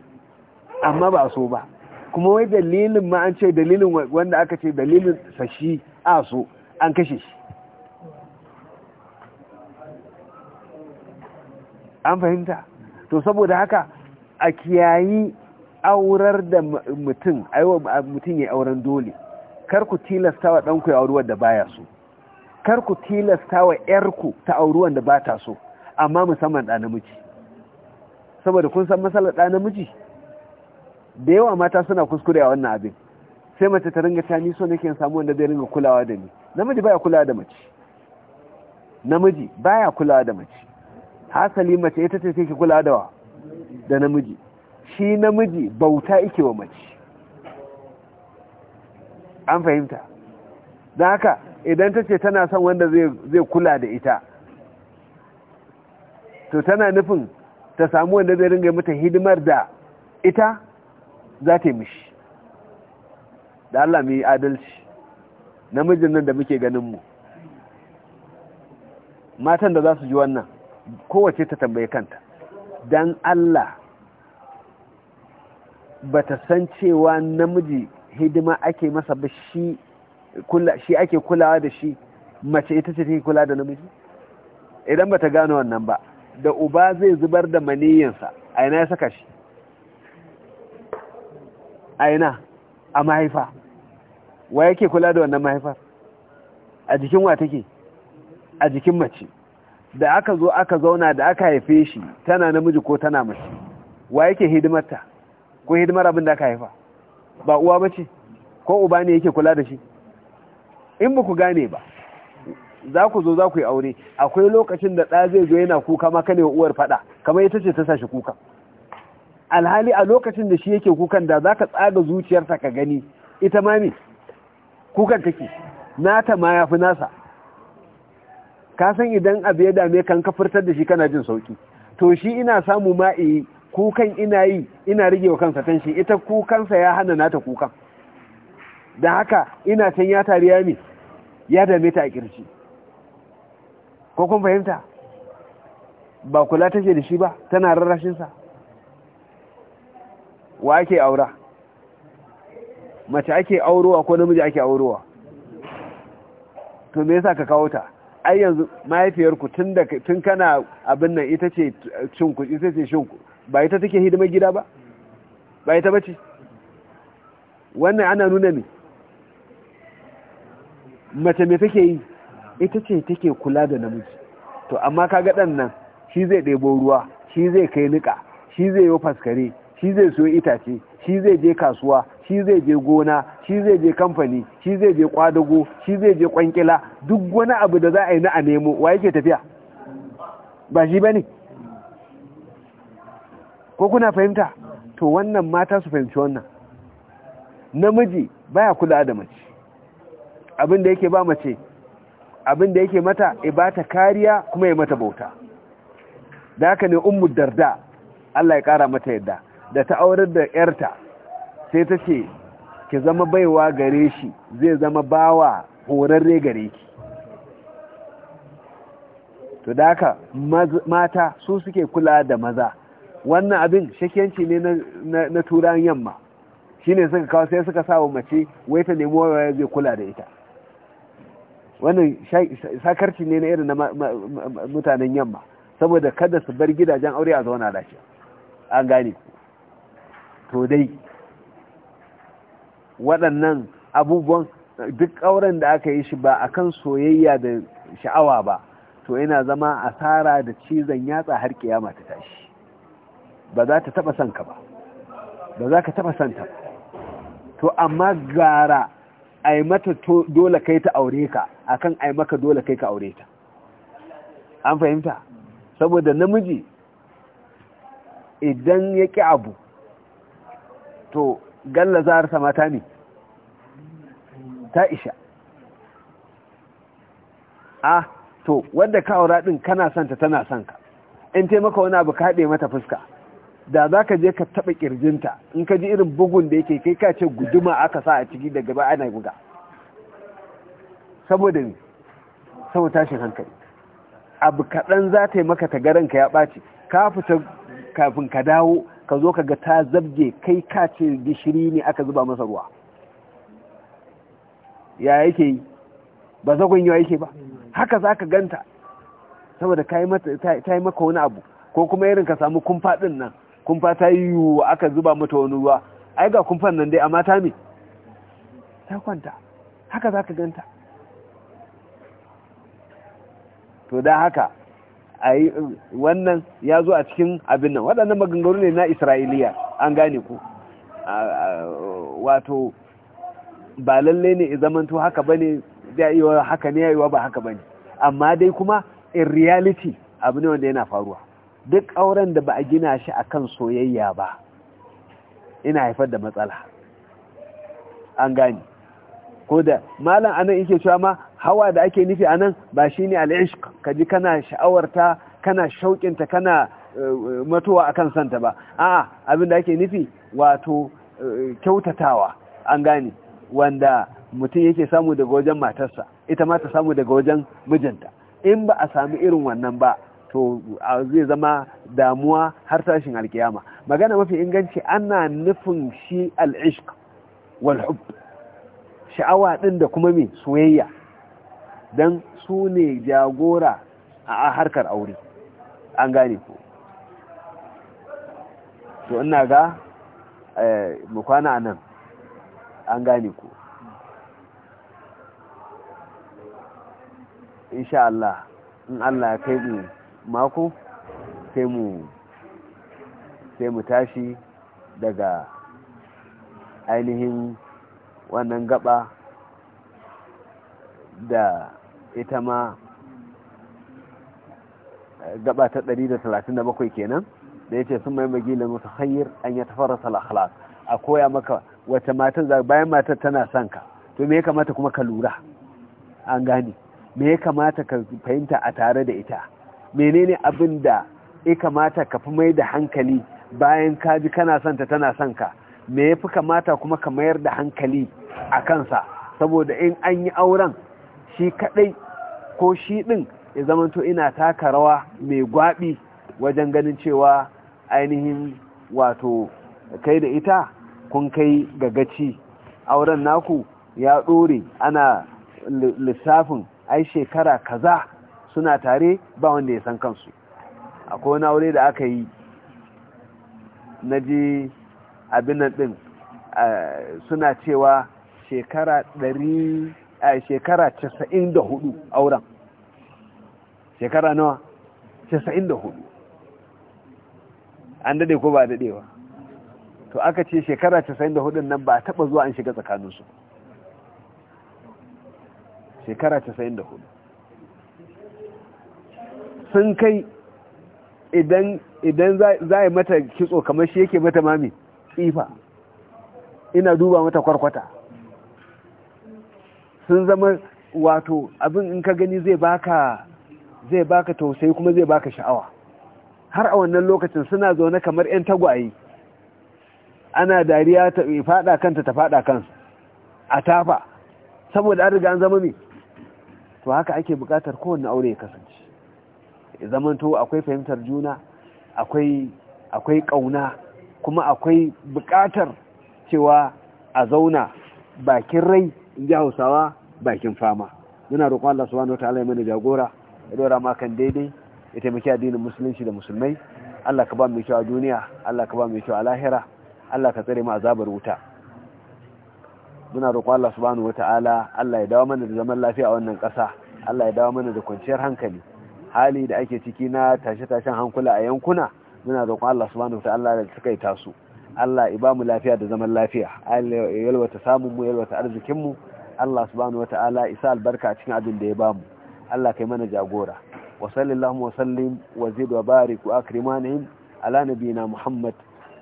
amma ba so ba kuma wai dalilin ma an ce dalilin wanda aka ce dalilin sashi a so an kashe shi an fahimta to saboda haka a kiyayi aurar da mutum aiwa mutum ya auren dole kar ku tilasta wa ɗanku ya auruwar da baya so kar ku tilasta wa ƴarku ta auruwar da ba ta so amma musamman ɗa namiji saboda kun san matsalar ɗa namiji da yawa mata suna kuskure a wannan abin sai mace ta ringa ta ni so nake samu wanda zai ringa kulawa da ni namiji baya kulawa da mace namiji baya kulawa da mace hasali mace ita ce take kulawa da wa da namiji shi namiji bauta ike wa mace an fahimta don haka idan ta ce tana son wanda zai kula da ita to tana nufin ta samu wanda zai ringa mata hidimar da ita za ta yi mishi da Allah mai adalci namijin nan da muke ganinmu matan da za su ji wannan kowace ta tambaye kanta don Allah bata san cewa namiji hidima ake masa ba shi ake kulawa da shi mace ita ce take kula da namiji idan bata gano wannan ba da uba zai zubar da maniyinsa a ina ya saka shi a ina a mahaifa wa yake kula da wannan mahaifar a jikin wa take a jikin mace da aka zo aka zauna da aka haife shi tana namiji ko tana mace wa yake hidimarta ko hidimar abin da aka haifa ba uwa ba ce ko uba ne yake kula da shi in ba ku gane ba za ku zo za ku yi aure akwai lokacin da ɗa zai zo yana kuka maka ne uwar faɗa kamar ita ce ta sa kuka alhali a lokacin da shi yake kukan da za ka tsaga zuciyarsa ka gani ita ma me kukan take nata ma ya fi nasa ka san idan abu ya dame kan ka furtar da shi kana jin sauki to shi ina samu ma'i kukan ina yi ina rige wa kansa tanshi ita kukansa ya hana nata kukan da haka ina can ya tari ya mi ya dame ta a kirci ko kun fahimta ba kula take da shi ba tana rarrashinsa wa ake aura mace ake aurowa ko namiji ake aurowa to me yasa ka kawo ta ai yanzu mahaifiyarku tun kana abin nan ita ce ita ce shinku ba ita take hidimar gida ba ba ita bace wannan ana nuna ne mace mai take yi ita ce take kula da namiji to amma kaga dan nan shi zai ɗebo ruwa shi zai kai nika shi zai yi faskare shi zai so itace shi zai je kasuwa shi zai je gona shi zai je kamfani shi zai je kwadago shi zai je kwankila duk wani abu da za a yi na a nemo wa yake tafiya ba shi ba ne ko kuna fahimta to wannan mata su fahimci wannan namiji baya kula da mace abin da yake ba mace abin da yake mata ibata kariya kuma ya mata bauta da haka ne ummu darda Allah ya kara mata yadda da ta aurar da yarta sai ta ce ki zama baiwa gare shi zai zama bawa horarre gare ki to da haka mata su suke kula da maza wannan abin shakiyanci ne na turan yamma Shi ne suka kawo sai suka sawa mace wai ta nemo waya zai kula da ita wannan sakarci ne na irin na mutanen yamma saboda kada su bar gidajen aure a zauna lafiya an gane to dai waɗannan abubuwan duk auren da aka yi shi ba a kan soyayya da sha'awa ba to yana zama asara da cizon yatsa har kiyama ta tashi ba za ta taba son ka ba ba za ka taba son ba. to amma gara ai mata dole kai ta aure ka akan ai maka dole kai ka aure ta an fahimta saboda namiji idan ya ƙi abu to galla a mata ne ta isha a to wadda ka aura ɗin kana santa tana sanka in taimaka wani abu ka haɗe mata fuska da za ka je ka taɓa ƙirjinta in ka ji irin bugun da yake kai ka ce guduma aka sa a ciki daga ba ana buga saboda ne saboda tashin hankali abu kaɗan za ta yi maka ta garanka ya ɓaci ka fita kafin ka dawo ka zo ka ga ta zabge kai ka ce gishiri ne aka zuba masa ruwa ya yake yi ba zagon yawa yake ba haka za ka ganta saboda ta yi maka wani abu ko kuma irin ka samu kumfaɗin nan kumfa ta yi yiwu aka zuba mata wani ruwa ai ga kumfan nan dai a mata me ta kwanta haka za ka ganta to da haka ai wannan ya zo a cikin abin nan waɗannan maganganu ne na isra'iliya an gane ku wato ba lalle ne zamanto haka ba ne yayiwa haka ne wa ba haka ba ne amma dai kuma in reality abu ne wanda yana faruwa duk auren da ba a gina shi akan soyayya ba ina haifar da matsala an gani ko da malam anan ke cewa ma hawa da ake nufi anan ba shi ne al'ishk ka ji kana sha'awarta kana shauƙinta kana eh, eh, matuwa akan santa ba a'a abin da ake nufi wato eh, kyautatawa an gane wanda mutum yake samu daga wajen matarsa ita ma ta samu daga wajen mijinta in ba a sami irin wannan ba to zai zama damuwa har tashin alkiyama magana mafi inganci ana nufin shi al'ishq wal sha'awa ɗin da kuma mai soyayya don su ne jagora a harkar aure an gane ko to ina ga eh, mukwana nan an gane ko insha Allah in Allah ya kai mu mako sai mu sai mu tashi daga ainihin wannan gaba da ita ma eh, gaba ta 137 kenan da ya ce sun mai magilin musu hanyar an ya tafara salakhalak a koya maka wata matar bayan matar tana son ka to me ya kamata kuma ka lura an gane me ya kamata ka fahimta a tare da ita menene abin da ya kamata ka fi mai da hankali bayan ka ji kana son tana son ka me ya fi kamata kuma ka mayar da hankali a kansa saboda in an yi auren shi kaɗai ko shi ɗin ya zamanto ina taka rawa mai gwaɓi wajen ganin cewa ainihin wato kai da ita kun kai gagaci auren naku ya ɗore ana lissafin ai shekara kaza suna tare ba wanda ya san kansu akwai wani aure da aka yi na ji abin nan din suna cewa shekara 94 a shekara casa'in da hudu auren shekara nawa casa'in da hudu an daɗe ko ba daɗewa to aka ce shekara casa'in da nan ba a taɓa zuwa an shiga tsakaninsu shekara casa'in da hudu sun kai idan za za yi mata kitso kamar shi yake mata mami tsifa ina duba mata kwarkwata sun zama wato abin in ka gani zai baka zai baka tausayi kuma zai baka sha'awa har a wannan lokacin suna zaune kamar 'yan tagwaye ana dariya ta fada kanta ta fada kansu a tafa saboda an riga an zama ne to haka ake bukatar kowanne aure ya kasance zamanto akwai fahimtar juna akwai ƙauna, kuma akwai bukatar cewa a zauna bakin rai ji hausawa bakin fama muna roƙon Allah subhanahu ta'ala ya mana jagora ya dora ma kan daidai ya taimaki addinin musulunci da musulmai Allah ka ba mu kyau a duniya Allah ka ba mu kyau a lahira Allah ka tsare mu azabar wuta muna roƙon Allah subhanahu ta'ala Allah ya dawo mana da zaman lafiya a wannan ƙasa Allah ya dawo mana da kwanciyar hankali hali da ake ciki na tashe-tashen hankula a yankuna muna roƙon Allah subhanahu ta'ala da suka yi tasu Allah ya bamu lafiya da zaman lafiya Allah yalwata samun mu yalwata arzikin mu Allah subhanahu ta'ala isa albarka cikin abin da ya bamu Allah kai mana jagora wa sallallahu wa sallim wa zid wa barik wa akrimanihim ala nabiyina Muhammad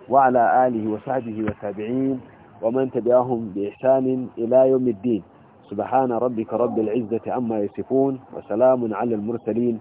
wa ala alihi wa sahbihi wa tabi'in wa man tabi'ahum bi ihsan ila yawmiddin سبحان ربك رب العزة عما يصفون وسلام على المرسلين